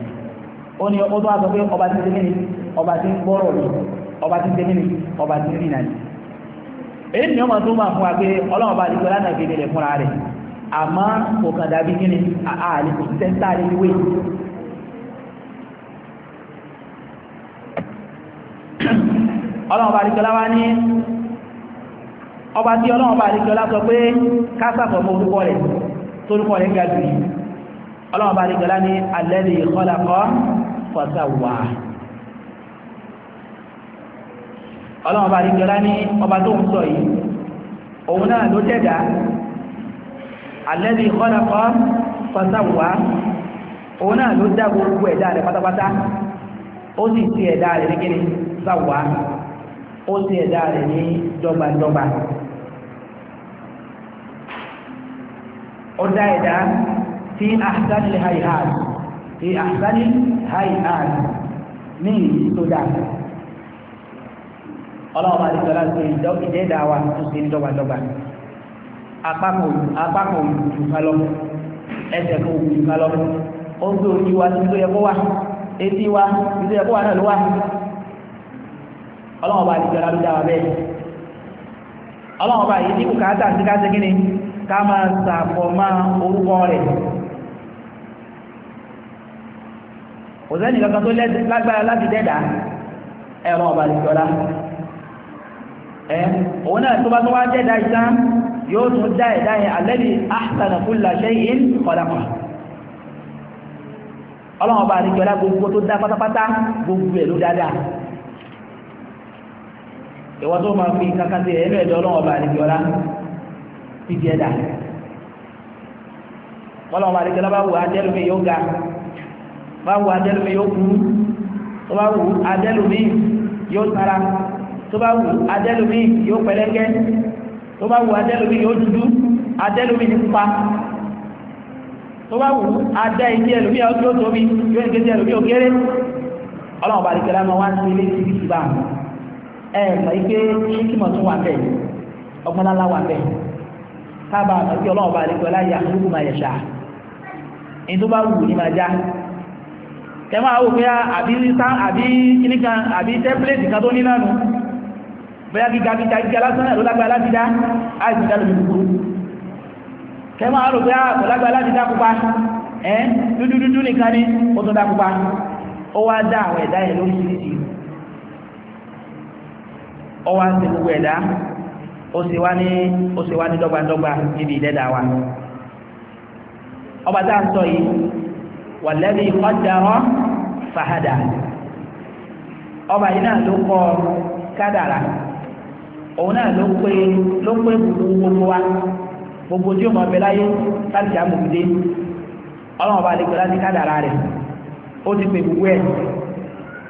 [SPEAKER 2] ó ní ó tó wá sọ pé ọba ti ṣe mí ọba ti ń gbọ́rọ̀ mi ọba ti ṣe mí ọba ti rìn náà èyí ni ọmọ tó máa fún wa pé ọlọ́run bá dìgbò lánàá fi lè fúnra rẹ̀ àmọ́ kò kàn dàbí kí ni àlè kò sẹ́ńtà lè wé ọlọ́run bá dìgbò láwá ní ọba tí ọlọ́run bá dìgbò lá sọ pé kásàfọ̀ mọ́ orúkọ rẹ̀ torúkọ rẹ̀ ga jù yìí ọlọ́run bá dìgbò lá ní alladhi khalaqa fàtàwà ọlọ́run bá rí jọlá ní ọba tó ń sọ yìí òun náà ló dẹ̀dá alẹ́bí kọ́lákọ́ fàtàwà òun náà ló dá gbogbo ẹ̀dá rẹ̀ pátápátá ó sì ti ẹ̀dá rẹ̀ ní kíni sáwà ó sì ẹ̀dá rẹ̀ ní dọ́gbandọ́gba ó dá ẹ̀dá tí àtàlẹ̀ àìhàn fi àṣìbáni háì ààrẹ ní ìlú tó dáa ọlọ́ọ̀bá àdìsọ́lá ṣe ìdẹ́dà wa tó ṣe ní dọ́gbadọ́gba apákan òjò kálọ́ ẹsẹ̀ kan òjò kálọ́ ó gbé ojú wa tó yẹ kó wà etí wa tó yẹ kó náà ló ọlọ́ọ̀bá dá wa bẹ́ẹ̀ ọlọ́ọ̀bá yìí ní kò káàtà sí kò sẹ́ni kankan tó lágbára láti dẹ́dà ẹ̀rọ ọba ìjọra ẹ̀ òun náà tó bá tó wá dẹ́dà ìtàn yóò tún dá ẹ̀dá yẹn alladhi ahsana kulla shay'in khalaqa ọlọ́run ọba àríjọlá gbogbo tó dá pátápátá gbogbo ẹ̀ ló dáadáa ìwọ tó máa fi kankan sí ẹ̀ẹ́lẹ́ ẹ̀dọ́ ọlọ́run ọba àríjọlá ti di ẹ̀dá wù á jẹ́lómi yóò ga bá wù adẹ́lùmí yóò kú tó bá wù adẹ́lùmí yóò tara tó bá wù adẹ́lùmí yóò pẹ̀lẹ́gẹ́ tó bá wù adẹ́lùmí yóò dúdú adẹ́lùmí ní pupa tó bá wù adẹ́ ẹlùmí yóò tóbi yóò ní kéde ẹlùmí ọlọ́run bá ẹ̀ ike ṣíkìmọ̀ tún wà bẹ́ẹ̀ ọgbọ́nlá wà bẹ́ẹ̀ tábà ọlọ́run bá kẹma àwò pé àbí kíníkan àbí tẹ́pìlẹ̀tì kan tó ní náà nù bóyá gíga gíga gíga lásán náà ló lágbà láti dá àìsí dá lórí kúrú kẹma àrò pé àkọ̀ ah, lágbà láti dá pupa ẹ́ dúdúdúdú nìkan ní ó tó dá pupa ó wá dá àwọn ẹ̀dá ẹ̀ lóríṣiríṣi ó wá sí gbogbo ẹ̀dá ó wàlẹ́bí kọjá rán fahada ọba yìí náà ló kọ kádàrà òun náà ló pé ló pé gbogbo wa gbogbo tí o mọ̀ bẹ́ẹ̀ láyé láti jà mọ̀gídé ọlọ́wọ́ bá rẹ̀ ó ti pè gbogbo ẹ̀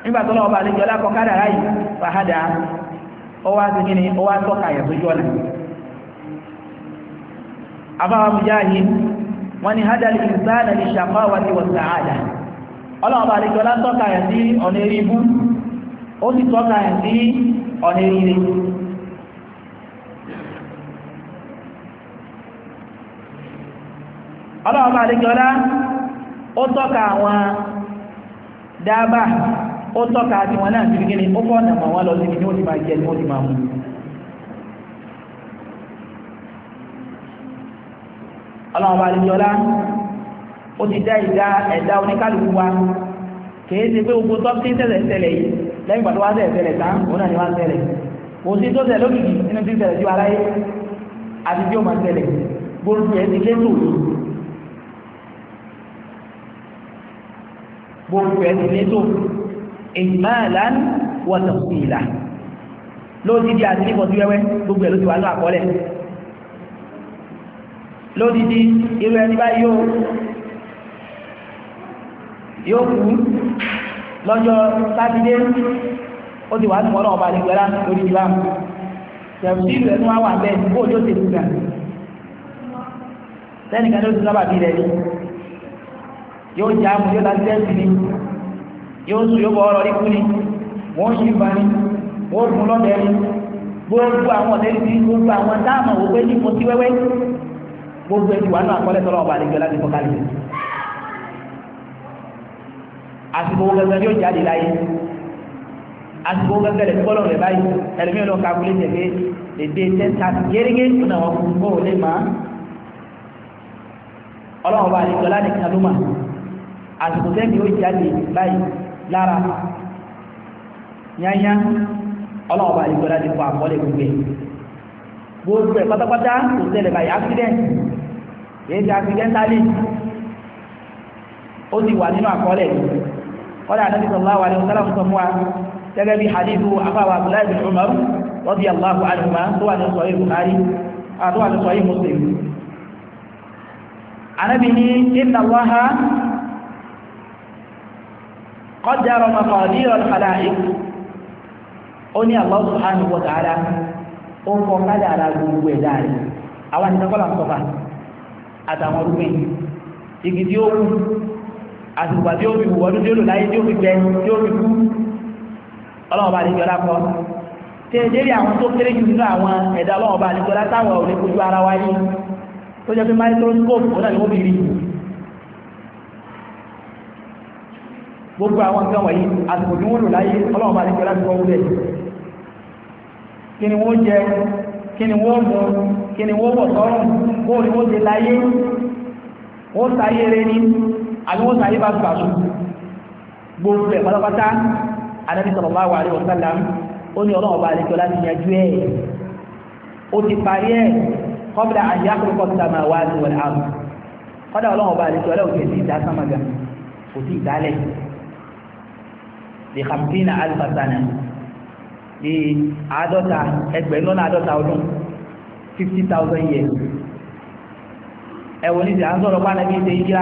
[SPEAKER 2] nígbà tó lọ́wọ́ bá lẹ́gbẹ̀ẹ́ lákọ kádàrá yìí fàhádà ó wá sí kíni ó wá tọ́ka tó jọ́nà afáwọn wọn ni hádàlì ti wọ̀ sàádà Ọla àdìgbọ́lá tọ́ka ẹ̀ sí ọ̀nà eré ó sì tọ́ka ẹ̀ sí ọ̀nà eré ire ọlọ́ọ̀bà ó tọ́ka àwọn dábà ó tọ́ka àti wọn náà gíní ó fọ́nà mọ̀ wọn lọ síbi ní ó ti máa jẹ ní ó ti máa mú ó ti dá ìdá ẹ̀dá oníkálukú wa kìí ṣe pé gbogbo tó ti tẹ̀lẹ̀ tẹ̀lẹ̀ yìí lẹ́yìn pàtó wá tẹ̀lẹ̀ tẹ̀lẹ̀ tán òun náà ni wá tẹ̀lẹ̀ kò sí tó tẹ̀lẹ̀ lókìkì nínú tí tẹ̀lẹ̀ sí wa láyé àti bí ó máa tẹ̀lẹ̀ gbogbo ẹ̀ ti létò gbogbo ẹ̀ ti létò ìmáàlán wọ̀tọ̀kù ìlà lódìdí àti nífọ̀tí wẹ́wẹ́ gbogbo ẹ̀ ló ti wà ní àkọọ́lẹ̀ lódìdí irú ẹni báyìí yóò kú lọ́jọ́ sátidé ó ti wà ní ọlọ́run ọba àdìgbẹ́lá lórí ìlà tẹ̀sí ìlú ẹ̀tún wá wà bẹ́ẹ̀ kó ojú ti dùgbà lẹ́nìkan ló ti sábà já mu yóò láti tẹ́sí ni yóò sùn yóò bọ̀ ọ̀rọ̀ rí kú ni wọ́n ṣì bá ni wọ́n gun lọ́bẹ̀ ni gbogbo àwọn ọ̀dẹ́ ti gbogbo àwọn táàmù òwe ní mo ti wẹ́wẹ́ gbogbo ẹ̀tù náà kọ́lẹ́ tọ́lọ́ ọba àdìgbẹ́lá ti kọ́ àsìkò gbẹgbẹ yóò jáde láyé àsìkò gbẹgbẹ rẹ̀ gbọ́dọ̀ rẹ̀ báyìí ẹlòmíràn lọ kakule tẹ̀lé èdè tẹ́ta gẹ́gẹ́ fún àwọn kò lè má ọlọ́run bá àlejò lánìkan ló mà àsìkò tẹ́lẹ̀ yóò jáde báyìí lára yányá ọlọ́run bá àlejò lánìkan kọ àkọọ́lẹ̀ gbogbo ẹ̀ gbogbo ẹ̀ pátápátá kò ṣẹlẹ̀ báyìí accident èyí ti accidentally ó ti wà nínú àkọọ́lẹ̀ yìí kọ́dà Ànábì sallallahu alaihi wasallam sọ fún wa gẹ́gẹ́ bí hadithu afáwà abdullahi bin umar radiyallahu anhuma tó wà ní sahih bukhari àti wà ní sahih muslim Ànábì ní inna Allaha qaddara maqadir al-khalaiq ó ní Allah subhanahu wa ta'ala ó ń kọ kádàrà gbogbo ẹ̀dá rẹ̀ àwọn àti tẹ́kọ́lá ń sọ́fà àtàwọn orúgbìn igi tí ó wù àtùgbà tí ó fi wọ́n tí ó lò láyé tí ó fi jẹ tí ó fi kú ọlọ́wọ́ bá ní jọlá kọ́ tí ẹ jẹ́rìí àwọn tó kéré jù nínú àwọn ẹ̀dá ọlọ́wọ́ bá táwọn ò lè kojú ara wa yìí tó jẹ́ pé microscope ó náà ni wọ́n fi rí gbogbo àwọn nǹkan wọ̀nyí àtùgbò tí wọ́n lò láyé ọlọ́wọ́ bá ní jọlá ti wọ́n bẹ̀ kí ni wọ́n jẹ kí ni wọ́n mú kí ni wọ́n wọ̀ sọ́rùn bóòlù wọ́n ti láyé wọ́n sáyé rẹ ní àbíwọ́n sàáyé bá gbà sùn gbogbo ẹ̀ pátápátá anábì sallallahu alaihi wasallam ó ní ọlọ́ọ̀bá àlejò láti yanjú ẹ̀ ó ti parí ẹ̀ qabla an yakhluqa as-samawati wal ard kọ́dà ọlọ́ọ̀bá àlejò ọlọ́ọ̀kì ẹ̀ sí ìdá sámàgà kò sí ìdálẹ̀ lè kàmpínà alifasana ní àádọ́ta ẹgbẹ̀rún lọ́nà àádọ́ta ọdún fifty thousand years ẹ̀wọ̀n ní ti à ń sọ̀rọ̀ pé ànábì ṣe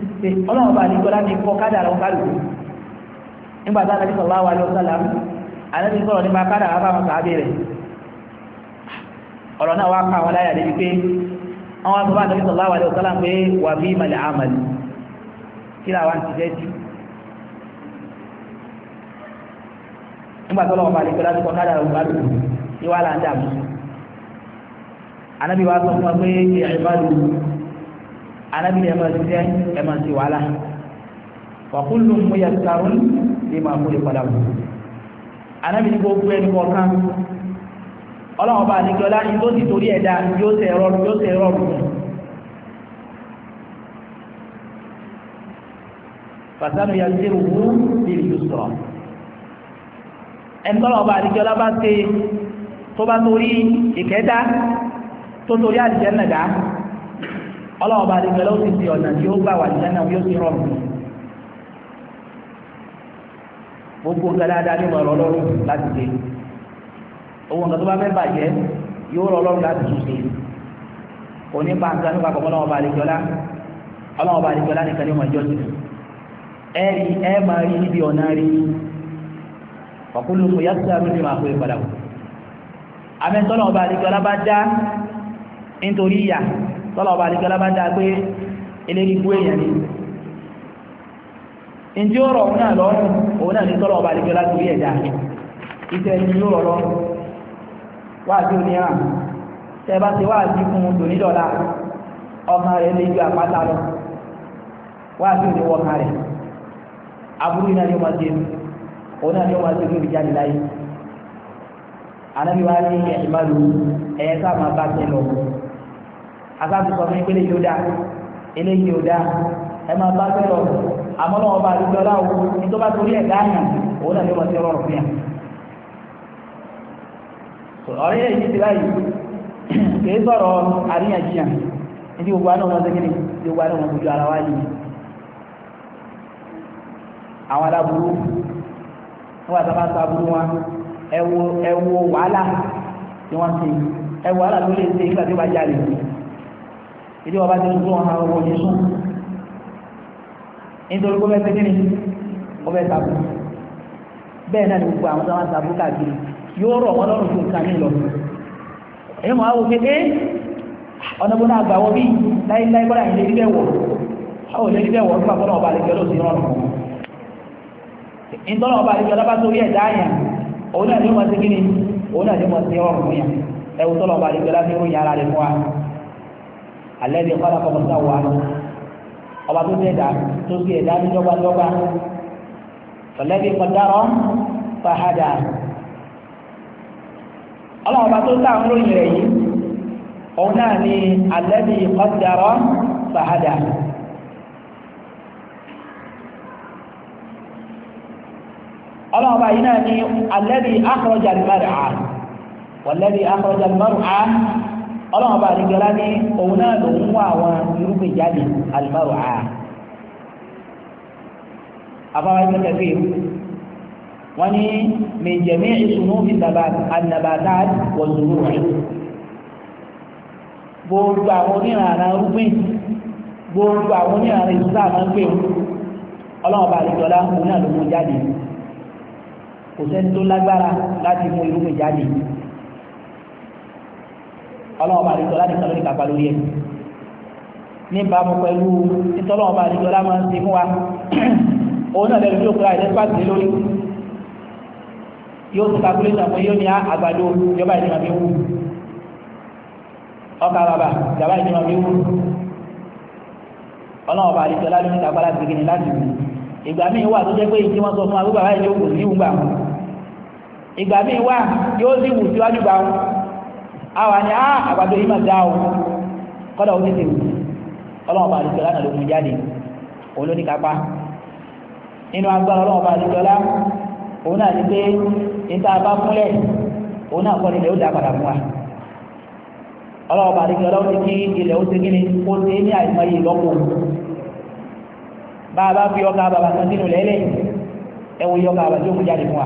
[SPEAKER 2] pé ọlọ́run bá nígbọ́lá ní kọ́ kádàrà wọn kálù nígbà tá àdájú sọ̀rọ̀ wà lọ́sọ̀ làmú àdájú sọ̀rọ̀ nípa kádàrà bá wọn sàábẹ̀ rẹ̀ ọ̀rọ̀ náà wá pa àwọn láyà débi pé àwọn àbúrò àdájú sọ̀rọ̀ wà lọ́sọ̀ làmú pé wà bí ìmàlẹ̀ àmàlì kí làwọn ti fẹ́ jù nígbà tó lọ́wọ́ bá nígbọ́lá ní kọ́ kádàrà wọn kálù ìwà là ń dààmú sọ fún wa pé ìyá ìbálòpọ̀ anábìrì ẹ̀ máa ṣiṣẹ́ ẹ̀ máa ṣe wàhálà wàkúlù mú yà sàrún lè máa kó lè padà wù anábìrì gbogbo ẹni kọ̀ọ̀kan ọlọ́wọ́n bá ní kíọ́lá ní tó ti torí ẹ̀dá yóò tẹ̀ ẹ̀rọ yóò tẹ̀ ẹ̀rọ rù fàtánù yà sí ìrùkú ní ìlú sọ̀rọ̀ ẹni tọ́lọ́wọ́n bá ní kíọ́lá bá ṣe tó bá torí ìkẹ́dá tó torí àdìjẹ́ nàdá ọlọ́wọ́ bá dìgbẹ́ ló ti di ọ̀nà tí ó gbà wà ní lẹ́nà yóò ti rọrùn gbogbo nǹkan dáadáa ní ọ̀rọ̀ ọlọ́run láti ṣe owó nǹkan tó bá fẹ́ bàjẹ́ yóò rọ ọlọ́run láti tún ṣe òní pa nǹkan nípa kọ̀ọ̀kan ọlọ́wọ́ bá dìgbẹ́ lá ọlọ́wọ́ bá dìgbẹ́ lá nìkan ní ọmọ ìjọ sí ẹ rí ẹ máa rí níbi ọ̀nà rí ọ̀kúlù kò yá sí àrùn ní màá kó ìpadà e bá dìgbẹ́ lá bá dá nítorí ìyà tọ́lọ̀ ọba àdìgbẹ́lá bá dáa pé eléyìí bú èèyàn ni njẹ ọ̀rọ̀ ọhún náà lọrùn òun náà ní tọrọ ọba àdìgbò láti rí ẹ̀dá ìtẹ ní yóò rọrọ wáàbí oníràn tẹ bá ti wáàbí fún un tòní dọlà ọmọ rẹ lè ju àpáta lọ wáàbí òní wọkàn rẹ aburú iná ni ó máa ṣe òun náà ni ó máa ṣe bá tẹ lọ asáàtì sọ fún yín pé eléyìí ò dáa eléyìí ò dáa ẹ máa bá fẹ́ lọ àmọ́ náà ọba àdúgbò ọláwo ní tó bá torí ẹ̀ dáàyàn òun náà ló mọ̀ sí ọrọ̀ fún yàn. ọ̀rẹ́ yẹn yìí ti báyìí kì í sọ̀rọ̀ àríyànjiyàn ní gbogbo àná wọn sẹ́kìnì gbogbo àná wọn kojú ara wa yìí. àwọn aláburú wọn àti àbá sábúrú wọn ẹ wo wàhálà tí wọ́n ti ẹ wàhálà tó lè ṣe nígbà tí ó bá jáde yìí ìdí ọba ti tún wọn àwọn ọmọdé sùn nítorí pé bẹ́ẹ̀ pété ni wọ́n bẹ́ẹ̀ sàbù bẹ́ẹ̀ náà ni gbogbo àwọn tó wá sàbù káàkiri yóò rọ̀ wọ́n lọ́rùn fún nǹkan nílọ èyí mọ̀ àwọn òkèké ọ̀nà bó náà gbà wọ́n bí láíláí bọ́lá yìí lérí bẹ́ẹ̀ wọ̀ àwọn òlérí bẹ́ẹ̀ wọ̀ nípa bọ́lá ọba àlejò ló ti rọrùn ìtọ́nà ọba àlejò lọ́ba tó rí ẹ̀dá òun náà ni ó mọ̀ sí kíni òun náà ni ó mọ̀ sí alẹ́bí kọ́lá kọ́kọ́ sá wà ọba tó tẹ̀dá tó sì ẹ̀dá ní dọ́gbadọ́gba ọlẹ́bí kọ́dárọ́ fàhádà ọlọ́ọ̀ba tó tà ń ròyìn rẹ̀ yìí òun náà ni alẹ́bí kọ́dárọ́ fàhádà. ọlọ́ọ̀bá yìí náà ni alẹ́bí akọ̀rọ̀jà mẹ́rẹ̀ á wọ́n lẹ́bí akọ̀rọ̀jà mẹ́rẹ̀ á ọlọ́run bá àdìgbọ́lá ní òun náà ló ń wá àwọn irúgbìn jáde alimaru a afáwọn ẹgbẹ́ kẹfẹ́ wọ́n ní mẹjẹmí ìṣúná fi nàbàtà wọ̀nyúrú rẹ̀ gbogbo àwọn onírànà irúgbìn gbogbo àwọn onírànà ìṣúná máa ń pè ọlọ́run bá àdìgbọ́lá òun náà ló mú jáde kò sẹ́ni tó lágbára láti mú irúgbìn jáde ọlọ́wọ́ bá àdìsọ́lá nìkan ló ní kápá lórí ẹ̀ níbàámu pẹ̀lú ìtọ́lọ́wọ́ bá àdìsọ́lá máa fún wa òun náà lẹ́nu yóò kúrò àìsẹ́ pàṣẹ lórí yóò ti kakule sàmú yóò ní àgbàdo ìjọba ìdìmọ̀ mi wù ọkà bàbà ìjọba ìdìmọ̀ mi wù ọlọ́wọ́ bá àdìsọ́lá ló ní kápá láti gbìn láti wù ìgbà míì wà tó jẹ́ pé ìdí wọn sọ fún wa pé bàbá ìjọ kò àwa ni á àgbàdo yìí máa dá o kọ́dà ó tètè wù ọlọ́wọ́n bá àdìsọ́ lánàá ló jáde òun ló ní kápá nínú agbára ọlọ́wọ́n bá àdìsọ́ òun náà pé níta bá òun náà ó padà fún wa a bá fi ọkà bàbà kan sínú lẹ́lẹ̀ ẹ̀wọ̀n yọkà mú jáde fún wa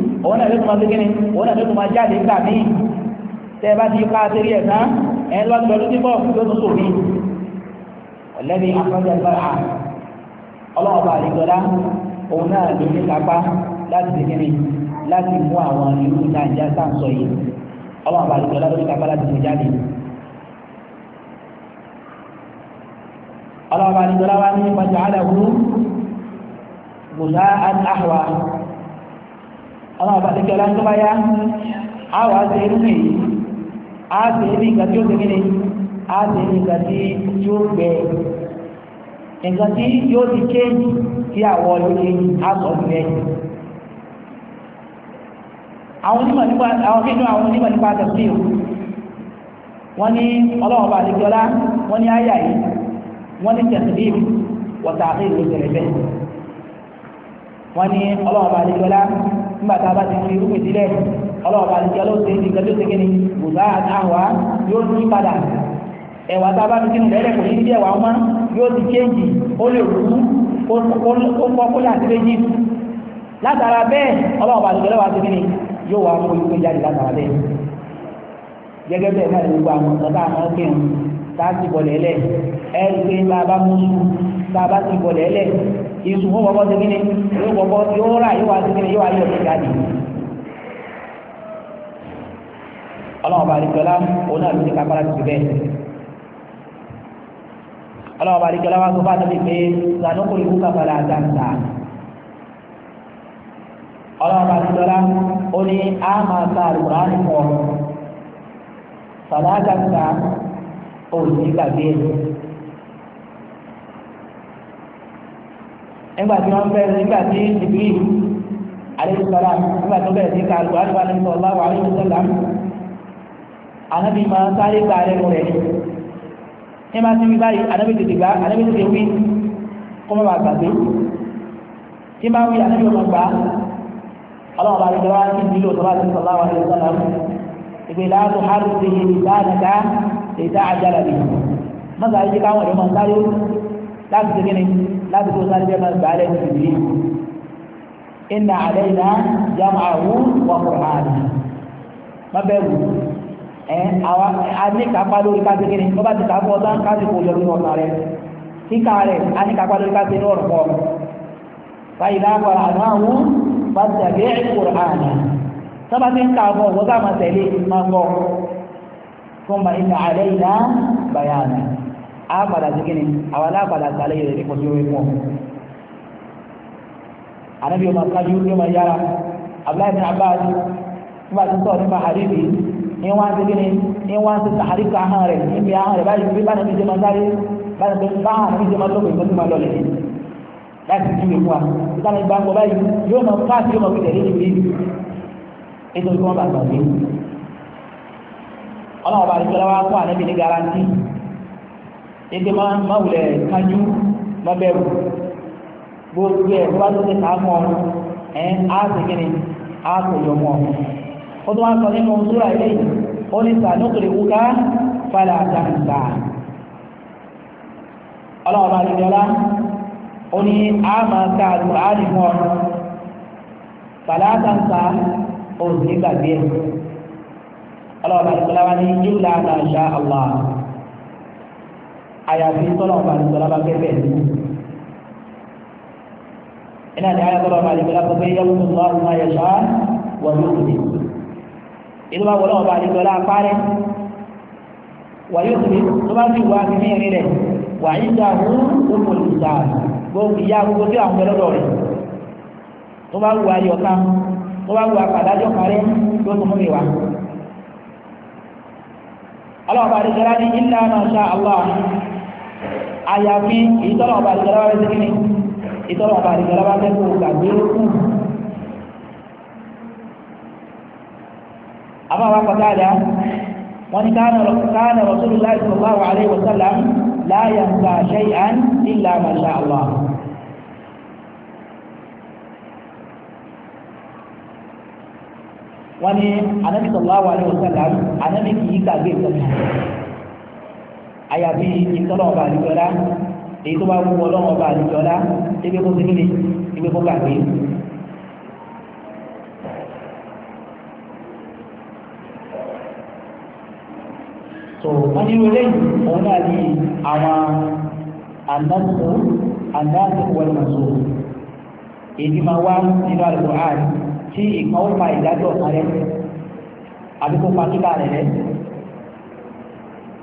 [SPEAKER 2] òun náà lẹ́tùmọ̀ sí kíni òun náà lẹ́tùmọ̀ jáde gbà mí tẹ́ bá ti pa àṣírí ẹ̀ tán ẹ̀ lọ́dún lọ́dún tí bọ̀ ló tún sòmí ọ̀lẹ́ni akọ́jà ìbára ọlọ́ọ̀bà àdìgbọ́lá òun náà ló ní kápá láti ṣe kíni láti mú àwọn irú ìtajà sáǹsọ yìí ọlọ́ọ̀bà àdìgbọ́lá ló ní kápá láti mú jáde ọlọ́ọ̀bà àdìgbọ́lá wá ní ọjà àdàwó mùsà àhùwà ọ̀nà ọ̀bàdìkẹ́ ọ̀lá tó bá yá a wà á ṣe irú mi yìí a ṣe ní nǹkan tí ó ṣe kíni a ṣe ní nǹkan tí yóò gbẹ nǹkan tí yóò ti kéèjì tí àwọ̀ lórí àtọ̀ gbẹ àwọn onímọ̀ nípa àwọn nínú àwọn àtẹ̀sí wọ́n ní ọlọ́wọ́ bá wọ́n ní àyà yìí wọ́n ní tẹ̀sílìm wọ̀tà àti ìlú tẹ̀lẹ̀ wọ́n ní ọlọ́wọ́ bá nígbà tá a bá ti fi irú ìdílẹ̀ ọlọ́ọ̀bá àti ìjọ lóṣèlú nìkan ló ṣe kí ni bùbá àtàwà yóò ní padà ẹ̀wà tá a bá fi sínú lẹ́lẹ̀ kò ní bí ẹ̀wà ọmọ yóò ti kéèjì ó lè rú ó kọ́ kó láti méjì látara bẹ́ẹ̀ ọlọ́ọ̀bá àti ìjọ lọ́wọ́ àti kí ni yóò wá mú ikú jáde látara bẹ́ẹ̀ gẹ́gẹ́ bẹ́ẹ̀ náà ló gba àwọn ọ̀sán iṣu wọn bọ́bọ́ ti gíní yóò bọ́bọ́ yóò rà yóò wá sí gíní yóò wá yóò ti jáde. ọlọ́wọ́n bá àdìgbọ́lá òun náà ló ti ká bára ti bẹ́ẹ̀. ọlọ́wọ́n bá àdìgbọ́lá wá sọ bá tẹ̀lé pé sanukú ikú kàfàlà àtàǹtà. ọlọ́wọ́n bá àdìgbọ́lá ó ní a máa ta àlùkò á nìkan. sàdáàtà ta òun ní gbàgbé ẹ̀ nígbà tí wọ́n bẹ̀rẹ̀ nígbà tí Jibril alayhi salam nígbà tó bẹ̀rẹ̀ sí kàlù àdúrà ní sọ̀lá wà ní sọ̀lá anábì máa sáré gba ẹnu rẹ̀ ni ní máa ti wí báyìí anábì tètè gbá anábì tètè wí kó má bàa gbàgbé tí máa wí anábì ọmọ gbà ọlọ́run bá rí gbà wá sí ìdílé òtọ́ bá sọ̀lá wà ní sọ̀lá ìgbèlà tó hàrù sí ìdá àdàkà ìdá àjálàbì mọ́sàájú káwọn ọ̀dọ́ máa sáré láti ṣe kíni láti tó sáré jẹ́ máa gbà á lẹ́nu ìdílé inna alayna jam'ahu wa qur'ana má bẹ́ẹ̀ wù ẹ àwa a ní kápá lórí ká kékeré tó bá ti kà á fọ́ tán ká sì kó yọ lórí ọ̀sán rẹ kíkà rẹ a lórí ká ní ọ̀rọ̀ pọ̀ báyìí lágbára àná àwọn bá ti àgbé qur'ana tó bá ti ń kà á fọ́ wọ́n sá máa tẹ̀lé máa ń fún ma inna alayna bayana á padà sí kíni àwọn aláàpadà sàlẹ̀ yẹ̀rẹ̀ ní kọjú orí wọn anábì ọmọ akájú ló máa yára abdullahi bin abbas nígbà tó sọ̀rọ̀ nípa hadithi ní wọ́n á sí kíni ní wọ́n á sí sàhárìkà ahọ́n rẹ̀ níbi ahọ́n rẹ̀ báyìí bí bánà mi jẹ́ máa sáré bánà mi báhà mi jẹ́ máa lóko ìfọ́sí máa lọlẹ̀ láti júwe fún wa ìtàn ìgbà ń bọ̀ báyìí yóò máa fáàsì yóò máa fi tẹ̀lé ìwé ètò ìfowópamọ́ àgbà ọlọ́wọ́ bá ìjọba wa kó ẹgbẹ́ máa wùlẹ̀ kájú mọ́bẹ̀rù gbogbo ẹ̀ wá tó ti ká ẹ̀ á sì ó tó wá sọ nínú sóra ilé ó ní sànúkìrì wúká fàlà àtàǹtà ọlọ́ọ̀bá àdìjọlá ó ní máa ká ó sì gbàgbé ọlọ́ọ̀bá àdìjọlá wá ní àyàfi tọ́lọ̀ ọba àdìsọ́lá bá fẹ́ bẹ́ẹ̀ iná ni àyà tọ́lọ̀ ọba àdìsọ́lá sọ pé yẹ́wù tó lọ́wọ́ ọ̀hún ayẹ̀ ṣá wọ́n yóò tún ìlú bá wọlé ọba àdìsọ́lá apárẹ́ wọ́n yóò tún tó bá fi wá sí ní ìrìn rẹ̀ wà yí dá mú gbogbo ìjà gbogbo ìyá gbogbo tí àwọn ọlọ́dọ̀ rẹ̀ tó bá wù ayọ̀ kan tó bá wù apàdájọ́ parẹ́ tó tún mú ọlọ́ọ̀bá àdìsọ́lá ní ilé àná ṣá Allah àyàfi ìtọ́lọ̀ ọba àdìgbàlábà rẹ̀ síkí ni ìtọ́lọ̀ ọba àdìgbàlábà rẹ̀ kò gbàgbé kù. àbá wa kọjá àdá wọn ni káàna Rasulullahi sallallahu alaihi wa sallam la yansa shay'an illa ma sha Allah. wọ́n ní Ànábì sallallahu àyàfi ìtọ́lọ̀ ọba àdìjọ́lá èyí tó bá wú ọlọ́run ọba àdìjọ́lá ebe kó ti kíni ebe kó gbàgbé. tó wọ́n ní wọlé òun náà ní àwọn ànáṣọ ànáṣọ wọlé màṣọ èyí máa wá nínú àlùkò ààrẹ tí ìkan ó fa ìdájọ́ ọ̀sán rẹ̀ àbí kó fa kíkà rẹ̀ rẹ̀.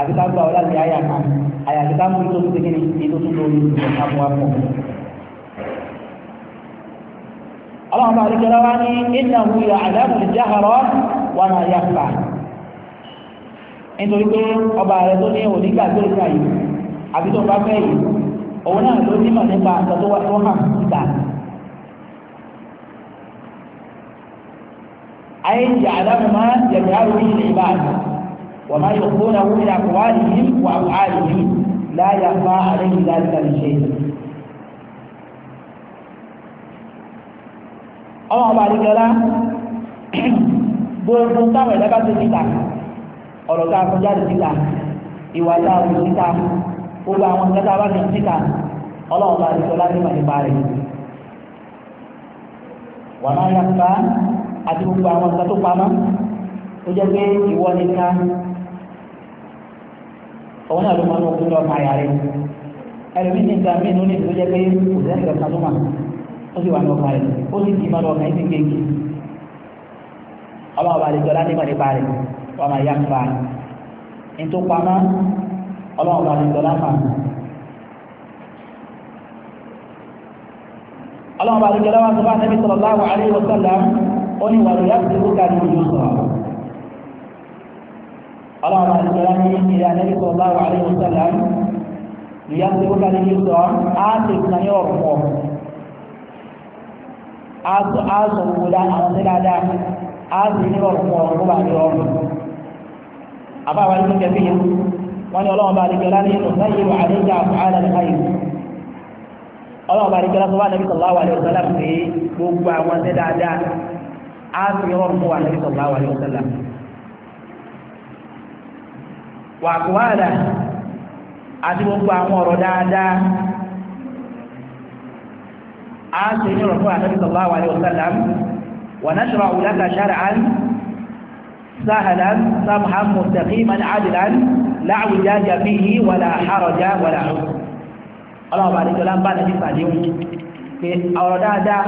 [SPEAKER 2] àti ká gba ọlá ti àyà kan àyà àti ká mú ìtò tó kékeré ní tó tún lórí ìtàkùn wa pọ̀. ọlọ́run bá àdéjọ́ lọ́wọ́ ní iná hu ìyá àdáàbò lè jáhàrọ́ wà náà yá fà nítorí pé ọba rẹ tó ní onígbà tó ìgbà yìí àbí tó bá fẹ́ yìí òun náà ló nímọ̀ nípa àtọ́ tó wá tó hàn síta ayé ìyá àdáàbò máa yẹ̀mí àrùn ìlú ìbáàdì وما يخفونه من أقوالهم وأفعالهم لا يخفى عليه ذلك من شيء ọmọ ọba àdìgẹ́lá gbogbo táwọn ẹ̀dá bá ti síta ọ̀rọ̀ tá a kọjá ti síta ìwà tá a kò síta gbogbo àwọn ìgbà tá a bá ti síta ọlọ́run bá àdìgẹ́lá ní màdìpá rẹ̀ wà máa yàtọ̀ àti gbogbo àwọn ìgbà tó pamọ́ tó jẹ́ pé ìwọ nìkan òun náà ló máa ń kú lọ́ọ́ máa yà rẹ̀ ẹlòmí ní ìgbà míì lónìí tó jẹ́ pé kò sẹ́ni lọ́ọ́ kálọ́mà ó sì wà ní ọkàn rẹ̀ ó sì ti máa lọ́ọ́ kàn ní kéèkì ọlọ́wọ́ bá lè jọ láti máa nípa rẹ̀ wọ́n máa yá nípa rẹ̀ ní tó pamọ́ ọlọ́wọ́ bá lè jọ láti máa ọlọ́wọ́ bá lè jọ láti máa sọ fún àtẹ́bí sọ̀rọ̀ láwọ̀ àríwọ̀ sọ́lá ó ní wàlúù yá قال على السلام إلى النبي صلى الله عليه وسلم ليصدقك لليسرى آسف من يرمو آسف ولا أنزل على آسف من يرمو ربع يرمو أبا ولد كبير وأن الله بارك لنا نسير عليك أفعال الخير ọlọ́run bá dikẹ́ lọ́sọ̀rọ̀ ànábì sallallahu alaihi wasallam pé gbogbo àwọn ṣe dáadáa á fi rọrùn fún ànábì sallallahu alaihi wasallam wàkúwàdà àti gbogbo àwọn ọ̀rọ̀ dáadáa a ṣe ní ọ̀rọ̀ fún àtàbí sallallahu alaihi wasallam wa nashra'u laka shar'an sahlan samhan mustaqiman adlan la wijaja fihi wala haraja wala hùn ọlọ́ọ̀bà àdíjọ́ lámbà nàbí sàdéhùn pé ọ̀rọ̀ dáadáa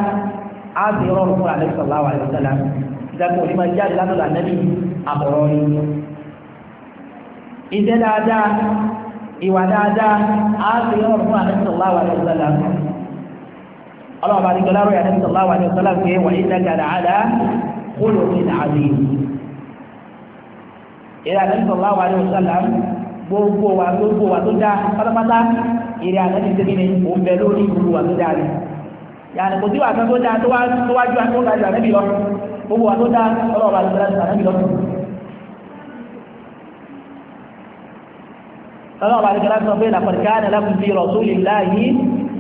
[SPEAKER 2] a ṣe rọrùn fún nàbí ìjẹ́ dáadáa ìwà dáadáa ààfin ọ̀rọ̀ fún àdẹ́sọ̀láwà ní ọ̀sọ́lá ọlọ́wọ́ bá dìgbò láròyà àdẹ́sọ̀láwà ní ọ̀sọ́lá pé wà ní dágàdà àdá kúrò ní àbí ìrẹ́ àdẹ́sọ̀láwà ní ọ̀sọ́lá gbogbo wa gbogbo wa tó dá pátápátá ìrẹ́ àdẹ́sọ̀láwà ní òǹbẹ̀ lórí gbogbo wa tó dá rẹ̀ yàrá tọ́lá ọba àdìgbà láti sọ pé laqad kana lakum fi rasulillahi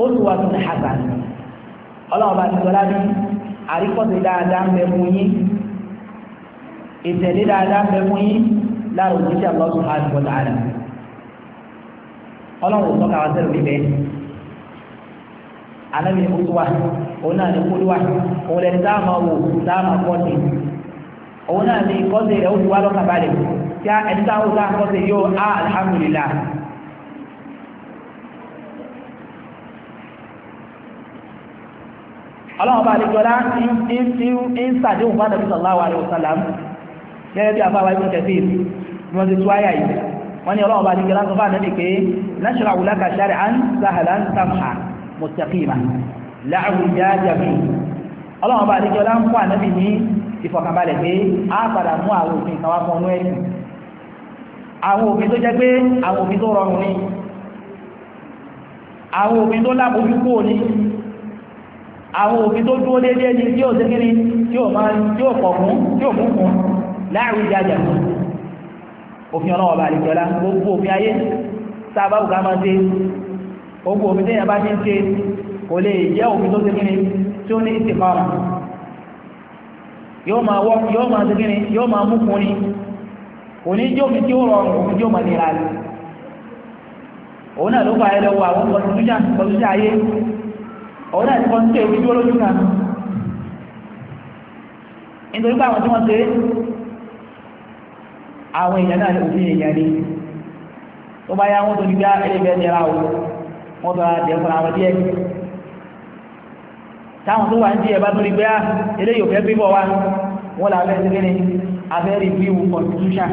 [SPEAKER 2] uswatun hasanah ọlọ́ọ̀bá àdìgbà láti àríkọ́sí dáadáa ń bẹ fún yín ìtẹ̀lé dáadáa ń bẹ fún yín lára òjíṣẹ́ Allah subhanahu wa ta'ala ọlọ́run sọ káwọn sẹ́rù níbẹ̀ alábi ní kótó wa òun náà ní kótó wa òun lẹni táwọn máa wò táwọn máa kọ́ òun náà ní kọ́sí rẹ̀ ó tí a ẹni táwọn tá à ń kọ́ sí yóò á ah, alhamdulillah ọlọ́wọ́ bá lè jọlá ń sàdéhùn bá dàbí sallallahu alaihi wasallam gẹ́gẹ́ bí àbáwá ibùn kẹfì bí wọ́n ti tú àyà yìí wọ́n ní ọlọ́wọ́ bá lè jọlá sọfá náà pé nashra'u laka shar'an sahlan samha mustaqima láàrúdá jàmí ọlọ́wọ́ bá lè jọlá ń fún ànábì ní ìfọ̀kànbalẹ̀ pé á padà mú àwọn òfin kan ẹ̀sìn àwọn òfin tó jẹ́ pé àwọn òfin tó rọrùn ní àwọn òfin tó lábójú kúrò ní àwọn òfin tó dúró déédéé ní tí ó ṣe tí ó máa tí ó pọ̀ fún tí ó fún fún láàrin òfin ọ̀nà bá lè gbogbo òfin ayé sábà máa ṣe òfin bá ń ṣe kò lè jẹ́ òfin tó tí ó ní yóò máa wọ́ yóò máa òní jẹ́ omi tí ó rọrùn òun jẹ́ ọmọ nira rẹ̀ òun náà ló fà ẹ lọ́wọ́ àwọn constitution constitution ayé òun náà ti constitution èmi dúró lójú kan nítorí pé àwọn tí wọ́n ṣe àwọn èèyàn náà òfin èèyàn ni tó bá yá wọn tó ní ẹlẹ́gbẹ́ nira o wọ́n tó ara dẹ̀ fún àwọn díẹ̀ táwọn tó wà ní díẹ̀ bá tó ní gbé ah, eléyìí ò fẹ́ wá wọ́n làwọn ẹ̀ abẹ́ review constitution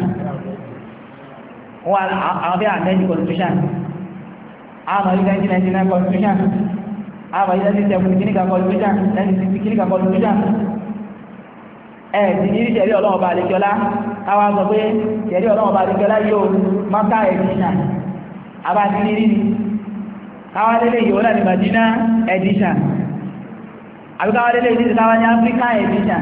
[SPEAKER 2] wọ́n abẹ́ amend constitution àmọ́ ilẹ̀ 1999 constitution àmọ́ ilẹ̀ 1970 clinical constitution 1960 clinical constitution ẹ̀ẹ̀dì ní ìṣẹ̀rí ọlọ́ọ̀bà àlekíọlá káwà sọ pé ìṣẹ̀rí ọlọ́ọ̀bà àlekíọlá yóò mọ́ká edition abájí ní rí ni káwà lélẹ̀ yóò náà ní Madina edition àbíkáwà lélẹ̀ ìdíje káwà ní Africa edition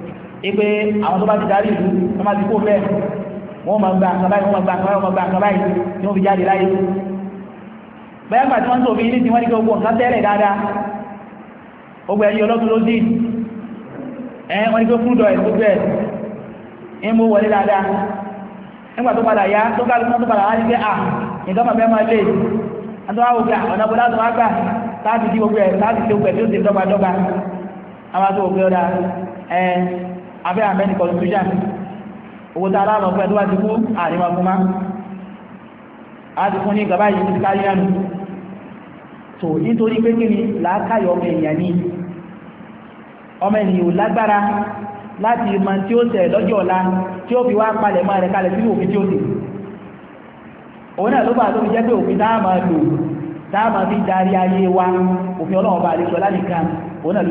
[SPEAKER 2] ipe àwọn tó bá ti darí ìlú wọ́n máa ti kó bẹ́ẹ̀ wọ́n máa gba àkàbá yìí wọ́n máa gba àkàbá yìí wọ́n máa gba àkàbá yìí tí wọ́n fi jáde láyé bẹ́ẹ̀ pàtí wọ́n tó fi ní ti wọ́n ní kí ogun ọ̀sán tẹ́lẹ̀ dáadáa ogun ẹ̀yìn ọlọ́dún ló dì ẹ̀ wọ́n ní kí ó fún dọ̀ ẹ̀ gbogbo ẹ̀ ń mú wọlé dáadáa nígbà tó padà yá tó kálukú tó padà wá ní pé à ah, nǹkan màmá máa lè àtọ́wá ògbà ọ̀nà bọ́lá tó wá gbà láti di gbogbo ẹ̀ láti ṣe gbogbo ẹ̀ abẹ́ amẹ́ni constitution owó tá a láàrọ̀ tó ti kú àríwá fún a ti fún ní gaba yìí ti kárí nánu so nítorí pé kí ni làákàyọ ọmọ èèyàn ni ọmọ ènìyàn lágbára láti ìmọ̀ tí ó tẹ̀ lọ́jọ́ ọ̀la tí ó fi wá palẹ̀ máa rẹ̀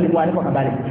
[SPEAKER 2] kalẹ̀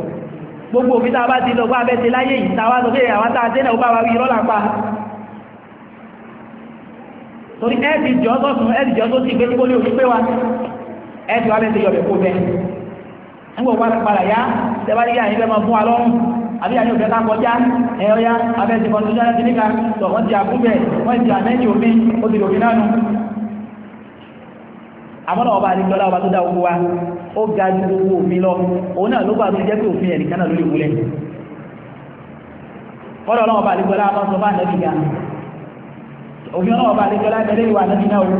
[SPEAKER 2] gbogbo òbí tàbá ti lọ gbáà bẹ́ẹ̀ láyé yìí tàbá tó fẹ́ àwọn tàà tẹ́lẹ̀ ọba wáwí rọ́là pa torí ẹ́ẹ̀dì jọ́ sọ́sùn ẹ́ẹ̀dì jọ́ tó ti gbé wa ẹ́ẹ̀dì wá bẹ́ẹ̀ yọ̀bẹ̀ kó bẹ́ẹ̀ padà yá àmọ́nà ọba àdìgbọ́lá ọba tó dá ogun wa ó ga ju gbogbo òfin lọ òun náà ló bá tó jẹ́ pé òfin ẹ̀nìkan náà ló lè múlẹ̀ kọ́dọ̀ ọlọ́wọ́ ọba àdìgbọ́lá ọba tó bá ànábì ga òfin ọlọ́wọ́ ọba àdìgbọ́lá ẹgbẹ́lẹ́ ìwà ànábì náà wọ́n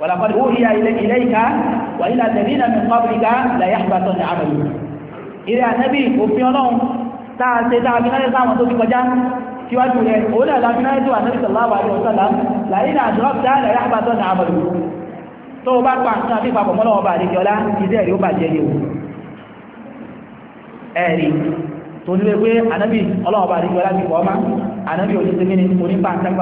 [SPEAKER 2] wàlàkọ́dì ó yíya ilẹ̀ ìka wà ilà tẹ̀lé síwájú rẹ̀ o náà lábí na tó ànábì sallallahu alaihi wasallam láyé náà drop down ẹ̀yà àbátọ́ ní àmàlù to bá pa nǹkan àti papọ̀ mọ́lọ́wọ́ bá àdéjọ́ lá ìdẹ́ o ó bàjẹ́ o ẹ̀rí tó ní pé ànábì ọlọ́wọ́ bá àdéjọ́ bi ti pọ̀ anabi o òṣìṣẹ́ mi ni mo ní pa nǹkan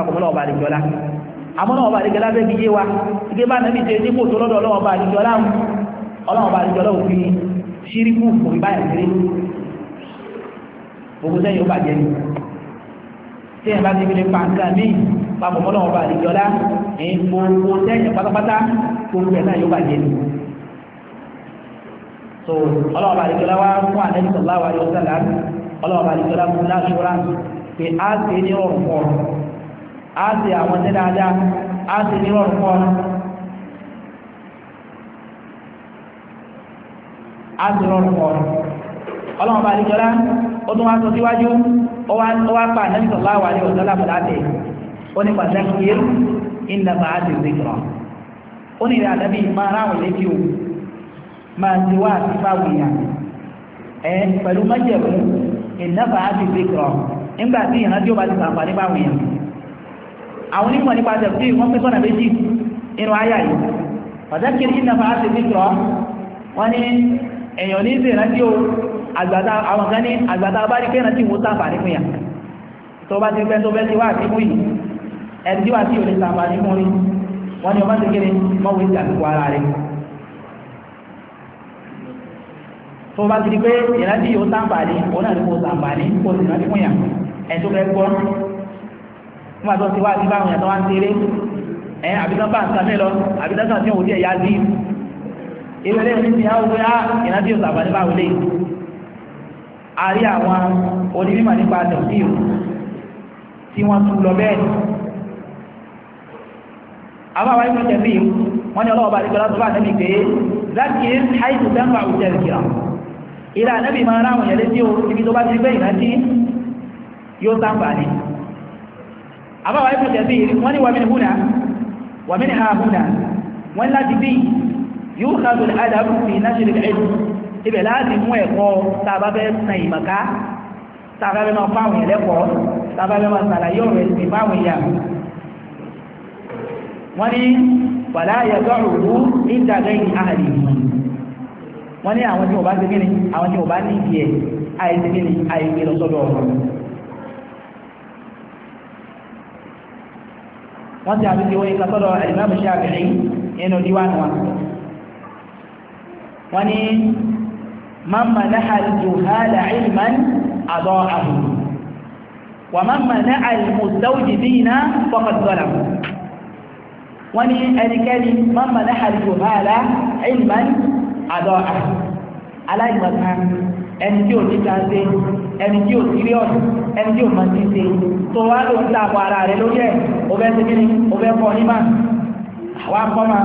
[SPEAKER 2] náà bẹ́ẹ̀ tí ẹ̀ bá ti fi lè pa nǹkan míì papọ̀ mọ́ lọ́wọ́ bá àdìjọ́lá ẹ̀yìn gbogbo tẹ́yìn pátápátá gbogbo ẹ̀ náà yóò bàjẹ́ ni. so ọlọ́wọ́ bá àdìjọ́lá wá fún àdéhùn sọ̀lá wa yóò sàlá ọlọ́wọ́ bá àdìjọ́lá fún láṣúra pé á ṣe ní ọ̀rùn pọ̀ á ṣe àwọn tẹ́ dáadáa á ṣe ní ọ̀rùn pọ̀ á ṣe rọrùn pọ̀ ọlọ́wọ́ bá àdìjọ́lá ó tún wá sọ síwájú ọwá pa ànábì sallallahu alaihi wasallam láti ó ní fadhakkir inna ma'azi dhikra ó ní ìrìn ànábì máa ráwọ̀ létí o máa ti wá àti fáwọn èèyàn ẹ pẹ̀lú májẹ̀mú inna ma'azi dhikra nígbà tí ìrántí ó bá ti sàǹfà nípa àwọn èèyàn àwọn onímọ̀ nípa tẹ̀sí wọ́n pẹ́ sọ́nà méjì inú ayà yìí fadhakkir inna ma'azi dhikra wọ́n ní èèyàn ní ìsìn àgbàtà àwọn kan ní àgbàtà bá rí pẹ́ràn tí wọ́n sáfàní fún yà tó bá ti pẹ́ tó bẹ́ ti wá àti mú yìí ẹni tí wà tí ò lè sáfàní fún rí wọ́n ni ọmọ ti kéré mọ́wé ìjà àti rẹ̀ tó bá ti rí pé ìrántí yóò sáfàní ni kò sáfàní kò sì rántí fún yà ẹni tó fẹ́ gbọ́ nígbà tó ti wá àti báwọn yàtọ̀ wá ń tẹ́lẹ̀ ẹ àbíkán bá a rí àwọn onímọ̀ nípa tẹ̀síù tí wọ́n tún lọ bẹ́ẹ̀ ni àwọn àwọn ìpínlẹ̀ tẹ̀síù wọ́n ní ọlọ́wọ́ bá rí kọlá tó bá nẹ́bí pé láti àìsù tẹ́mbà òjẹ́ ìkìlá ilá nẹ́bí máa ráwọn yẹ̀lé tí ó ibi tó bá ti gbé ìrántí yóò tàbà ní àwọn àwọn ibẹ̀ láti mú ẹ̀kọ́ tàbá fẹ́ na ìmọ̀ká tàbá fẹ́ máa fáwọn ẹ̀lẹ́kọ̀ọ́ tàbá fẹ́ máa sàlàyé ọ̀rọ̀ ẹ̀sìn fáwọn èèyàn wọ́n ní wàlá yẹ̀dọ́ òru ìdàgẹ́yìn àhàlì wọ́n ní àwọn tí wọ́n bá ti gíní àwọn tí wọ́n bá ní ìdí ẹ̀ àìsí gíní àìgbé lọ ọ̀rọ̀ wọ́n ti àbí ti wọ́n ìka sọ́dọ̀ àìmáàmù Ṣáfi'í nínú díwánu wọn wọ́n ní من منع الجهال علما أضاعه ومن منع المستوجبين فقد ظلم وني أنكني من منع الجهال علما أضاعه على المكان ẹni tí ò ní ta ṣe ẹni tí ò serious ẹni tí ò mọ̀ sí ṣe tó wá ló ń ara rẹ lórí ẹ̀ òfẹ́ ṣe kí ni òfẹ́ kọ́ máa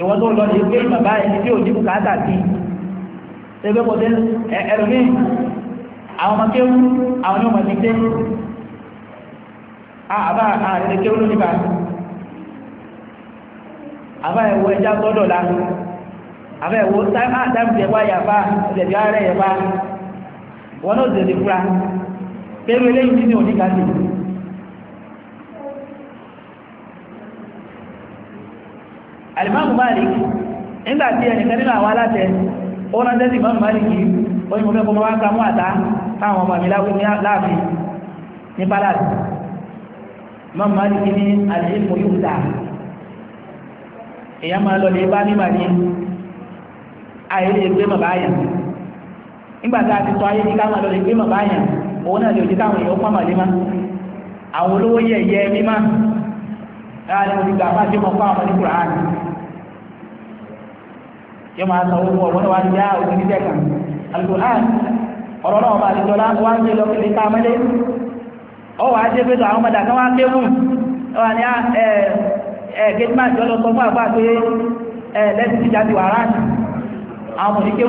[SPEAKER 2] ìwọ́n tó lọ lè gbé bàbá ẹni tí ò ní bùkátà sí ẹgbẹ́ kò tẹ́ ẹ̀rọ̀mí àwọn ọmọ kéwú àwọn ní ọmọ ìdíkẹ́ àbá àrẹ kéwú ló nípa àbá ẹ̀wọ ẹja tọ́dọ̀ la àbá ẹ̀wọ táìmù ẹ̀wá yàfa ẹ̀dẹ̀bí ara ẹ̀yẹ̀fá wọn náà alimamu malik nígbà tí ẹnìkan nínú àwọn aláṣẹ ó ránṣẹ́ sí imamu malik yìí ó ní mo máa ń ka àtá táwọn ọmọ mi láàfin ní palace imamu malik ní alìsíkò yóò ta èèyàn máa lọ lè bá mímà ní ayẹyẹ gbé màbá yẹn nígbà tá a ti sọ ayé ní ká máa lọ lè gbé màbá yẹn òun náà lè òjì táwọn èèyàn pàmà lé má àwọn olówó yẹ yẹ mímá láàrin òjì gbà máa jẹ́ fáwọn ọmọ ní yóò máa a owó ọ̀wọ́n wa ahụ kan alukur'an ọ̀rọ̀ náà ń lọ ká mẹ́lẹ́ ọ wàá jẹ́ pé àwọn ọmọdé àkànwá ọ wà ní ah, ẹ sọ fún àgbà pé ẹ ti jáde àwọn ọmọdé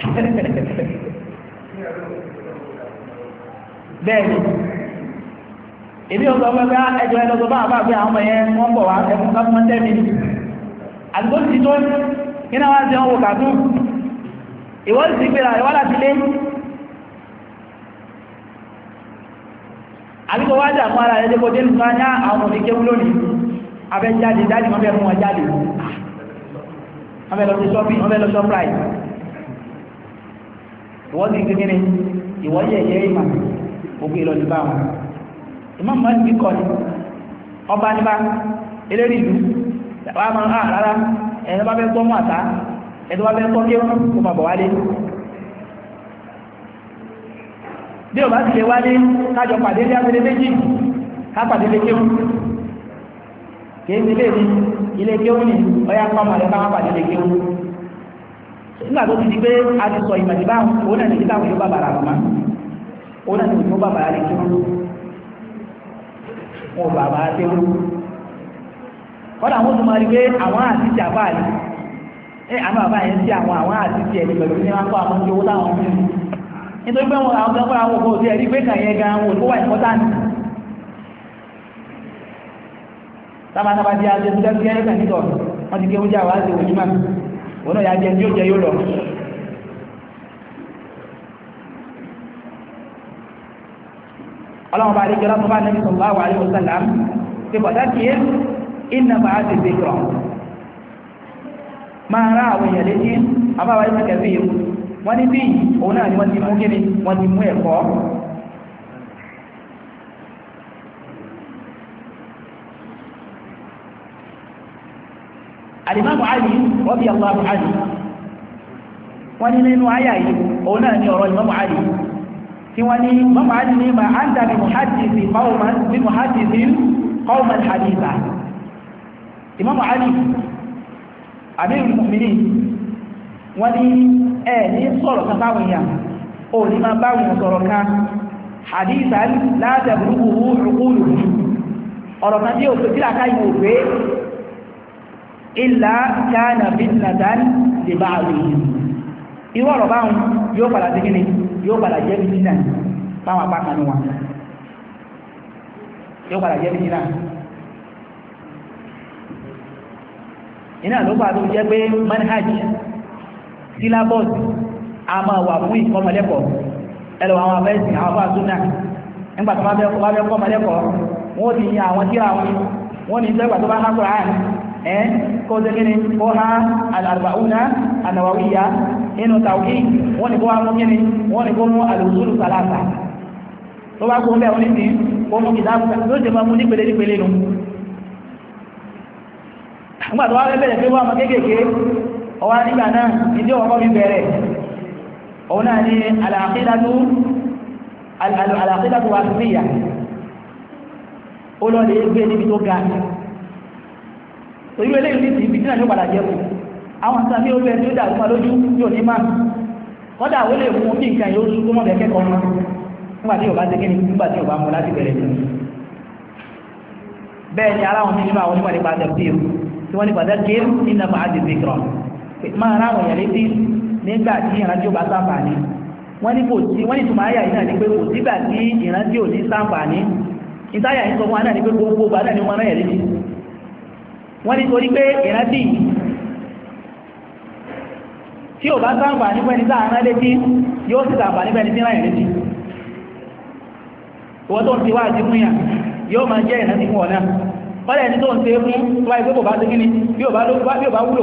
[SPEAKER 2] lónìí Ebi ò sọ pé bá ah, ẹjọ́ ẹ lọ́sọ bá àbá pé àwọn ọmọ yẹn wọ́n bọ̀ wá ẹkùn ká fún tẹ́mi àdúgbò ti tó kí náà wá sí ọwọ́ kàtún ìwọ́ sì gbéra ìwọ́ láti lé àbíkọ wá jà fún ara ẹjẹ́ kó dé nìkan ah, ní àwọn òní kéwú lónìí abẹ́ jáde dájú wọn bẹ́ẹ̀ fún wọn jáde ah, wọ́n bẹ́ẹ̀ lọ sí shopping wọ́n bẹ́ẹ̀ lọ shoprite ìwọ́ sì kékeré ìwọ́ yẹ̀yẹ́ ìmà òkè lọ sí ìmọ̀ mọ́ ti kọ̀ ní ọba níbá eléré ìlú wà máa ń hàn rárá ẹni bá fẹ́ gbọ́ mọ́ àtá ẹni bá fẹ́ gbọ́ kí kò máa bọ̀ wálé bí ọba ti lè wálé kájọ pàdé ní abẹ́lé méjì ká pàdé lé kéwù kéwù ilé mi ilé kéwù ni ọyá pàmò rẹ káwá pàdé lé kéwù nígbà tó ti di pé a ti sọ ìmọ̀ ìbáhùn òun náà ní ìtàkùn yóò bàbàrà àmọ́ òun náà ní òun yóò bàbàrà lé kéwù wọn ò bàbá tẹ́wó kọ́dà wọn tún máa rí pé àwọn àtijọ́ àbá yìí ẹ àwọn àbá yẹn sí àwọn àwọn àtijọ́ ẹ̀rí pẹ̀lú ní wọn kọ́ àwọn oúnjẹ owó táwọn ń nítorí pé wọn àwọn gbọ́dọ̀ àwọn òkú òsì ẹ̀rí pé kàyẹn gan wọn di ti gé oúnjẹ àwọn àti ọlọ́run bá àdéjọ́ lọ́tọ́ bá nẹ́bí sọ̀rọ̀ láwà àríwọ̀ sálàm ti pàtàkì yẹn iná bá ti ṣe kọ̀ máa rá àwọn èèyàn létí àbáwá yìí kẹfì yìí wọ́n ní bí òun náà ni wọ́n ti mú kíni wọ́n ti mú ẹ̀kọ́ alimamu ali rọ́bì allah ali wọ́n ní nínú àyà yìí òun náà ni ọ̀rọ̀ imamu ali tí wọ́n ní mọ́mọ́ á ní ma á ń dàbí muhadisi bí muhadisi qawman haditha Imam Ali Amirul Mu'minin wọ́n ní ẹ̀ ní sọ̀rọ̀ kan báwọn èèyàn ò ní máa báwọn sọ̀rọ̀ kan haditha la tablughuhu uquluhu ọ̀rọ̀ kan tí ó pè tí yóò padà sí yóò padà jẹ́ bìtínà fáwọn apá kan wọn yóò padà jẹ́ bìtínà iná ló bá tó jẹ́ pé manhaj syllabus a máa wà fún ìkọ́mọlẹ́kọ̀ọ́ ẹlọ àwọn abẹ́sìn àwọn afá súnà nígbà tó bá fẹ́ kọ́mọlẹ́kọ̀ọ́ wọ́n ti yan àwọn tíra wọn wọ́n ní ìjọba tó bá há kúrò àárín ẹ́ kó jẹ́ kí ni ó há al-arba'una an-nawawiyya nínú tàwí wọ́n ni kó wá mú kíni wọ́n ni kó mú alùsùlù sàlásà tó bá kó bẹ́ẹ̀ oníṣì kó mú kìtàbù tó jẹ máa mú nípele nípele nù nígbà tó wá fẹ́ bẹ̀rẹ̀ pé wọ́n mọ kéékèèké ọwá nígbà náà ìdí ọkọ̀ mi bẹ̀rẹ̀ òun náà ni alàkídàtú alàkídàtú wa síyà ó lọ lè gbé níbi tó ga torí eléyìí ní ti ibi tí náà ní padà jẹ́ àwọn nǹkan tí ó bẹ̀rẹ̀ tí ó dàgbà lójú yóò ní máa kọ́dà ó lè mú kí nǹkan yóò sún kọ́mọ̀ kẹ́kọ̀ọ́ wọn nígbà tí ọba tẹ́kẹ́ nígbà tí ọba mú láti bẹ̀rẹ̀ tẹ̀ bẹ́ẹ̀ ni aláwọn nínú àwọn onímọ̀ nípa tẹ̀síìr tí wọ́n ní pàdé kéèm nínú àpá àti zikrọ̀ máa rá àwọn ìyàlẹ́ sí nígbà tí ìrántí ò bá sáǹfààní wọ́n ní kò sí wọ́n ní tùmọ̀ ayà yìí náà ni pé kò sígbà tí ìrántí ò ní sáǹfààní ìtayà yìí sọ fún wa náà ni pé gbogbo gbà náà ni wọ́n náà yẹ̀lẹ́ sí wọ́n ní torí pé ìrántí tí ò bá sáàbà nípa ẹni sáà rán létí yóò sì sáàbà nípa ẹni tí ráyìn létí wọ́n tó ń ti wá àti fún yàn yóò máa jẹ́ ìrántí fún ọ̀nà fọ́lẹ̀ ẹni tó ń ṣe fún wá ìgbé kò bá sí kíní bí ò bá wúlò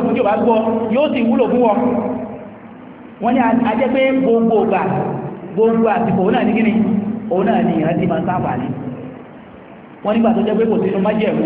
[SPEAKER 2] fún tí ò bá gbọ́ yóò sì wúlò fún wọn wọ́n ní ajẹ́ pé gbogbo ògbà gbogbo àsìkò òun náà ní kíní òun náà ní ìrántí máa sáàbà ní wọ́n nígbà tó jẹ́ pé kò sínú májẹ̀mú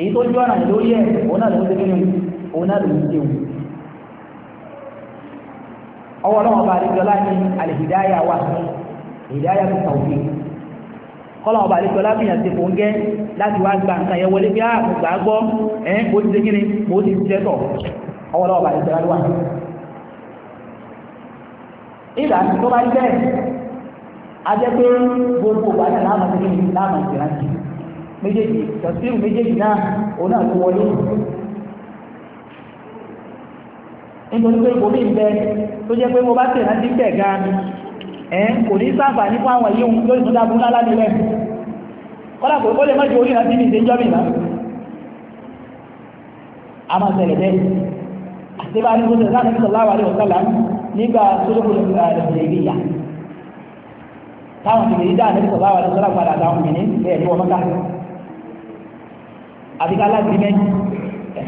[SPEAKER 2] èyí tó jọ́nà lórí ẹ̀ òun náà ló ń ṣe kíni òun náà ló ń ṣe òun ọwọ́ lọ́wọ́ bá àdéjọ́lá ní àlèhìdáyà wà ìdáyà tó tàwùfì kọ́lọ̀ ọba àdéjọ́lá fi hàn sí fún gẹ́ láti wá gba nǹkan yẹn wọlé bí àwọn ah, gbà gbọ́ ẹ̀ ó ti ṣe méjèèjì tafsir méjèèjì náà òun náà tó wọlé nítorí pé kò ní bẹ tó jẹ́ pé mo bá tẹ̀ láti bẹ̀ gan ẹ̀ kò ní sáàbà ní fún àwọn yíò lórí tó dábú ńlá nílẹ̀ kọ́lá kò kó lè mọ́jú orí láti ní ìdéjọ́ mi náà a máa tẹ̀lẹ̀ bẹ́ẹ̀ àti bá ní kó tẹ̀lẹ̀ láti sọ̀lá wà ní ọ̀sálà nígbà sólókò lẹ́gbẹ̀ẹ́gbẹ̀yà táwọn kìlì dáa ní sọ̀lá wà ní sọ̀lá padà táwọn kìlì bẹ́ẹ̀ ní wọ́n mọ́ká àti ká lágbìmẹ́ntì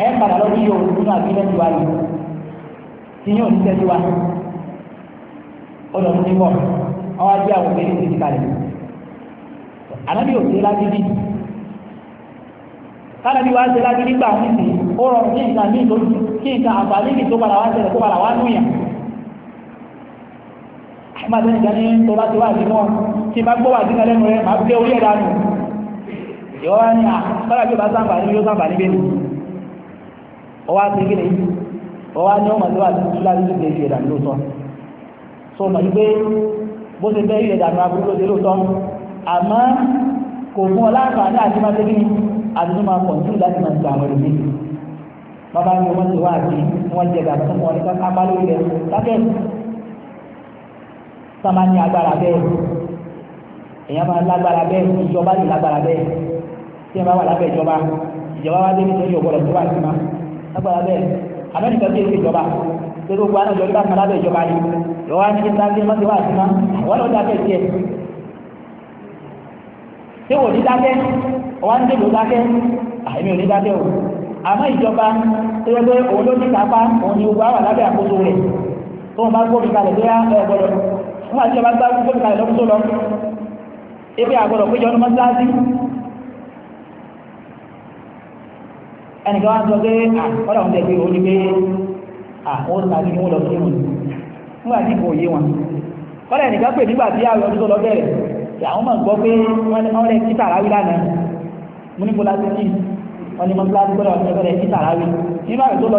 [SPEAKER 2] ẹ̀ ń padà lọ́dún yóò nínú àgbìmẹ́ntì wa yìí tí yóò ní tẹ́tí wa ọlọ́run ní bọ̀ ọwọ́ ajé àwọn obìnrin ti di kalẹ̀ ànábì òsè lágídí kánábì wa ṣe lágídí gbà wọn sí ó rọrùn kí nǹkan ní ìtòlù kí nǹkan àǹfààní ní tó padà wá ṣẹlẹ̀ tó padà wá núyàn àmọ́ àti ẹnìkan ní tó bá ti wá àdínú wọn tí bá gbọ́ wà sínú ẹlẹ́nu rẹ̀ máa gbé orí ẹ̀ dànù ìwọ́ wá ní àkọ́lá ah, bí ó bá sáǹfà ní yóò sáǹfà níbẹ̀ ọ wá sí kíni ọ wá ní ọmọ tó wà láti ṣe ìṣe ìdàmú lóòótọ́ so mọ̀ wípé bó ṣe bẹ́ ìṣe ìdàmú aburú ló ṣe lóòótọ́ àmọ́ kò fún ọ láǹfààní àti máa ṣe kíni àti tó máa pọ̀ jù láti máa ṣe àwọn ẹlòmíì bàbá mi wọ́n ti wá àti wọ́n jẹ gàdá fún wọn nípa kápá lórí rẹ̀ sákẹ́ẹ̀tì sábà ní agbára bẹ́ẹ̀ èèyàn máa lágbára bẹ́ẹ̀ ìjọba lè lágbára bẹ́ẹ̀ tí ẹ bá wà lábẹ́ ìjọba ìjọba wá dé nítorí ọ̀gbọ́dọ̀ tó wà sí ma lágbára bẹ́ẹ̀ amẹ́ríkà tí èsì ìjọba tó gbogbo àwọn ìjọba kan lábẹ́ ìjọba ni lọ́wọ́ ní kíkà tí wọ́n ti wà sí ma wọ́n lọ́ọ́ dákẹ́ tiẹ̀ tí wò ní dákẹ́ ọwọ́ ní dèbò dákẹ́ àìmí ò ní dákẹ́ o àmọ́ ìjọba tó yẹ pé òun ló ní kápá òun ni gbogbo àwọn lábẹ́ àkóso rẹ̀ tó wọn bá gbóbi kalẹ̀ kalẹ̀ lọ́kùtò ẹnìkan wá sọ pé ọ̀dà òun tẹ̀sí òun pé àwọn ó tàbí wọn lọ sí wọn nígbà tí kò yé wọn kọ́lẹ̀ nìkan pè nígbà tí àwọn ọdún tó lọ bẹ̀rẹ̀ tí àwọn mọ̀ gbọ́ pé wọ́n títà ráwí lánàá mú ní bọ́lá wọ́n ní bẹ̀rẹ̀ títà ráwí tó lọ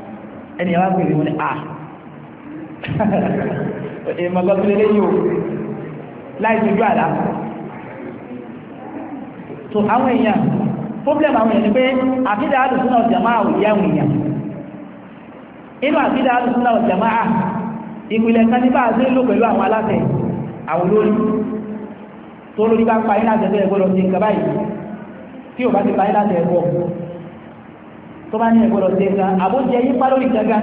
[SPEAKER 2] ẹni ẹwà pèrè wọn ni a ìmọ̀gọ́sílẹ̀ lẹ́yìn o láì tójú àlá tó àwọn èèyàn problem àwọn èèyàn ni pé àfídà alùsùnà ọ̀jàmá òyí àwọn èèyàn inú àfídà alùsùnà ọ̀jàmá ìpìlẹ̀ kan ní bá a ṣe ń lò pẹ̀lú àwọn aláṣẹ àwọn olórí tó lórí bá pa iná àtẹ̀tẹ̀ ẹ̀gbọ́dọ̀ ti ń kaba yìí tí ò bá ti pa iná àtẹ̀ ẹ̀gbọ́ tó bá ní ẹgbọ́dọ̀ ṣe nǹkan àbójẹ yí pa lórí ìjọba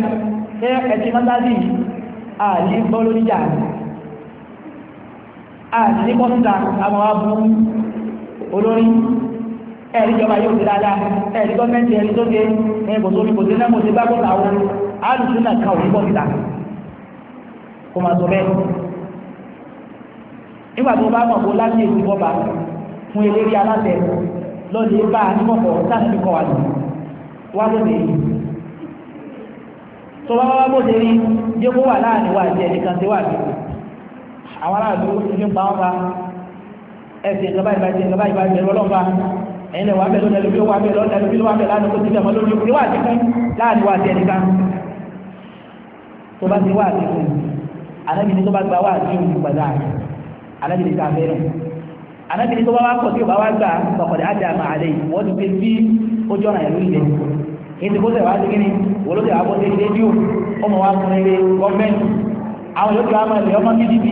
[SPEAKER 2] ẹ ẹ̀sìn mọ́tàdì àní bọ́ lórí ìjà àti ní kọ́síta àwọn abú olórí ẹ̀rí ìjọba yóò ti dáadáa ẹ̀rí gọ́ọ̀mẹ́ntì ẹ̀rí tó ṣe ẹ̀kọ́ tó ní kò sí náà mo ti bá gbọ́ta wọn alùsùn náà ká òní kọ́síta kò máa sọ bẹ́ẹ̀ nígbà tó bá mọ̀ kó láti èsì bọ́ba fún eléré aláṣẹ lọ́ọ̀dì bá a nígbàkọ̀ sáà níbi kọ̀ wá bóde yìí tó bá wá bóde rí jẹ́ kó wà láàrin wà jẹ́ ẹnìkan tí wà dùn àwọn aráàlú ní pa wọn pa ẹsẹ̀ ìjọba ìbàjẹ́ ìjọba ìbàjẹ́ ìrọlọ́ba ẹ̀yìn lẹ̀ wà bẹ̀ lọ́nà ẹlòmí wà bẹ̀ lọ́nà ẹlòmí wà bẹ̀ lánàá kó ti dàmọ́ lórí òkè wà ti fún láàrin wà ti ẹnìkan tó bá ti wà ti fún anábìnrin tó bá gba wà ti fún gbàdá anábìnrin tó abẹ́rẹ́ anábìnrin tó bá wà kọ̀ tí ò bá wà gbà kọ̀kọ̀dẹ̀ ájà àmà àlẹ́ wọ́n ti fi ó jọ́nà ìlú ìdẹ ètò kó sẹ̀wá sí kíni olóṣèlú àbọ̀ sí rédíò ọmọ wa fún eré gọ́ọ̀mẹ́ntì àwọn yóò kíwá máa lè ọmọ pdp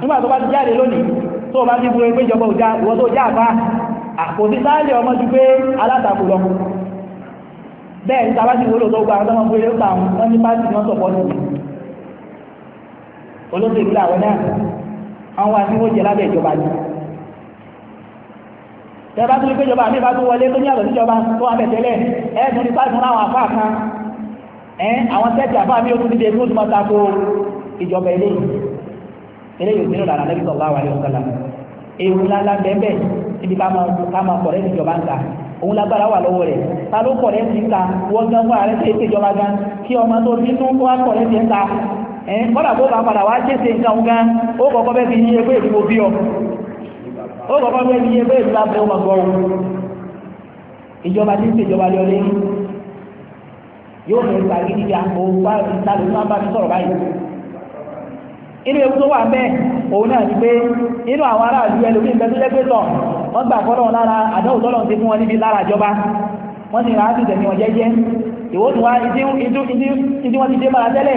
[SPEAKER 2] nígbà tó bá ti jáde lónìí tó o bá ti búrẹ́ pé ìjọba òjá ìwọ́n tó já àpá àkòtí sáàlì ọmọ ju pé alátakò lọ bẹ́ẹ̀ ní tàbá ti wọlé òtọ́gbà àwọn ọmọ ìwé lóta wọn ní pàtì wọn sọ̀pọ̀ ní olóṣèlú àwọn náà àwọn wa ní wọ́n jẹ lábẹ́ ìjọba yìí tẹ́bá tó ní pé ìjọba àmìbá tó wọlé tó ní àlọ́ níjọba tó wà bẹ̀tẹ́lẹ̀ ẹ̀ẹ́dùn ní sáàtún láwọn àfá kan ẹ́n àwọn tẹ́ẹ̀tì àfá mi ó tún dídé tó túnmọ́ tako ìjọba ilé ilé yóò sínú lára lẹ́bí sọ̀rọ̀ àwọn àríwọ̀ sọ́la ewu ńláńlá bẹ́ẹ̀ níbi ká máa kọ̀rẹ́ ní ìjọba ń ta òun lágbára wà lọ́wọ́ rẹ̀ ta ló kọ̀rẹ́ ti ń ta wọ́n gan wà rẹ̀ tẹ́ ìjọba gan kí ọmọ tó ti tún wá kọ̀rẹ́ ti ń ta ẹ̀ kọ́dà bó bá padà wá jẹ́sẹ̀ nǹkan gan ó kọ̀kọ́ bẹ́ẹ̀ fi yí ẹgbẹ́ ìdìbò bí ọ ó bàbá mi ẹni yẹ bẹ́ẹ̀ ló abẹ́ ọmọ gbọ́rù ìjọba tí ń dị lé yóò fẹ́ sàgídí bí àpò bá ìtàlù náà bá mi sọ̀rọ̀ báyìí inú ewu tó wà mẹ́ òun náà pé inú àwọn ẹlòmí wọ́n gbà fọ́lọ́ lára àdáwò tọ́lọ̀ ti fún wọn níbi lára ìjọba wọ́n ti rà á wọn jẹ́jẹ́ ìwọ́n ti wá ìdí ti dé tẹ́lẹ̀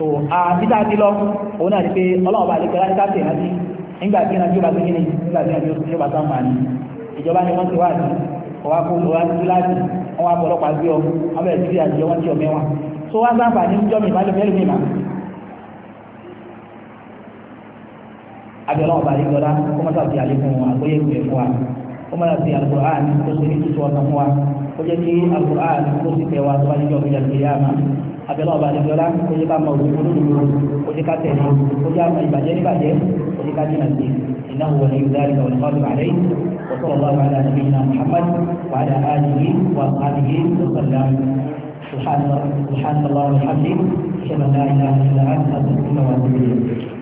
[SPEAKER 2] so àbíta ti lọ òun náà ni pé ọlọ́run bá lè pẹ́ láti káàkiri rántí nígbà tí ìrìnàjò bá ti kíni nígbà tí ìrìnàjò bá sáwọn àní ìjọba ni wọ́n ti wá àti ọwá kó lọ́wọ́ ti láti wọ́n wá bọ́lọ́pàá gbé ọ wọ́n bẹ̀rẹ̀ sí àjẹ́ wọ́n ti ọ mẹ́wàá so wá sáfà ní jọ́mi ìbálò mẹ́rin mi mà abẹ́ ọlọ́run bá lè gbọ́dá kó mọ́tà ti àlékún àgbóyè ìgbè fún wa ó mọ́tà ti alukur'an kó abẹ́lẹ́ ọba àdìgbọ́lá kó yẹ ká mọ òun olódodo kó yẹ ká tẹ̀lé kó yẹ àwọn ìbàjẹ́ níbàjẹ́ kó yẹ ká jìnà sí iná wọ ní ìdárí ọ̀nà ọdún àlẹ́ wọ́pọ̀ ọba àgbàdà níbi Muhammad wàdà àdìyí wà àdìyí lọ́sọ̀lá subhanallah subhanallah alhamdulilayi ṣẹlẹ̀ láyé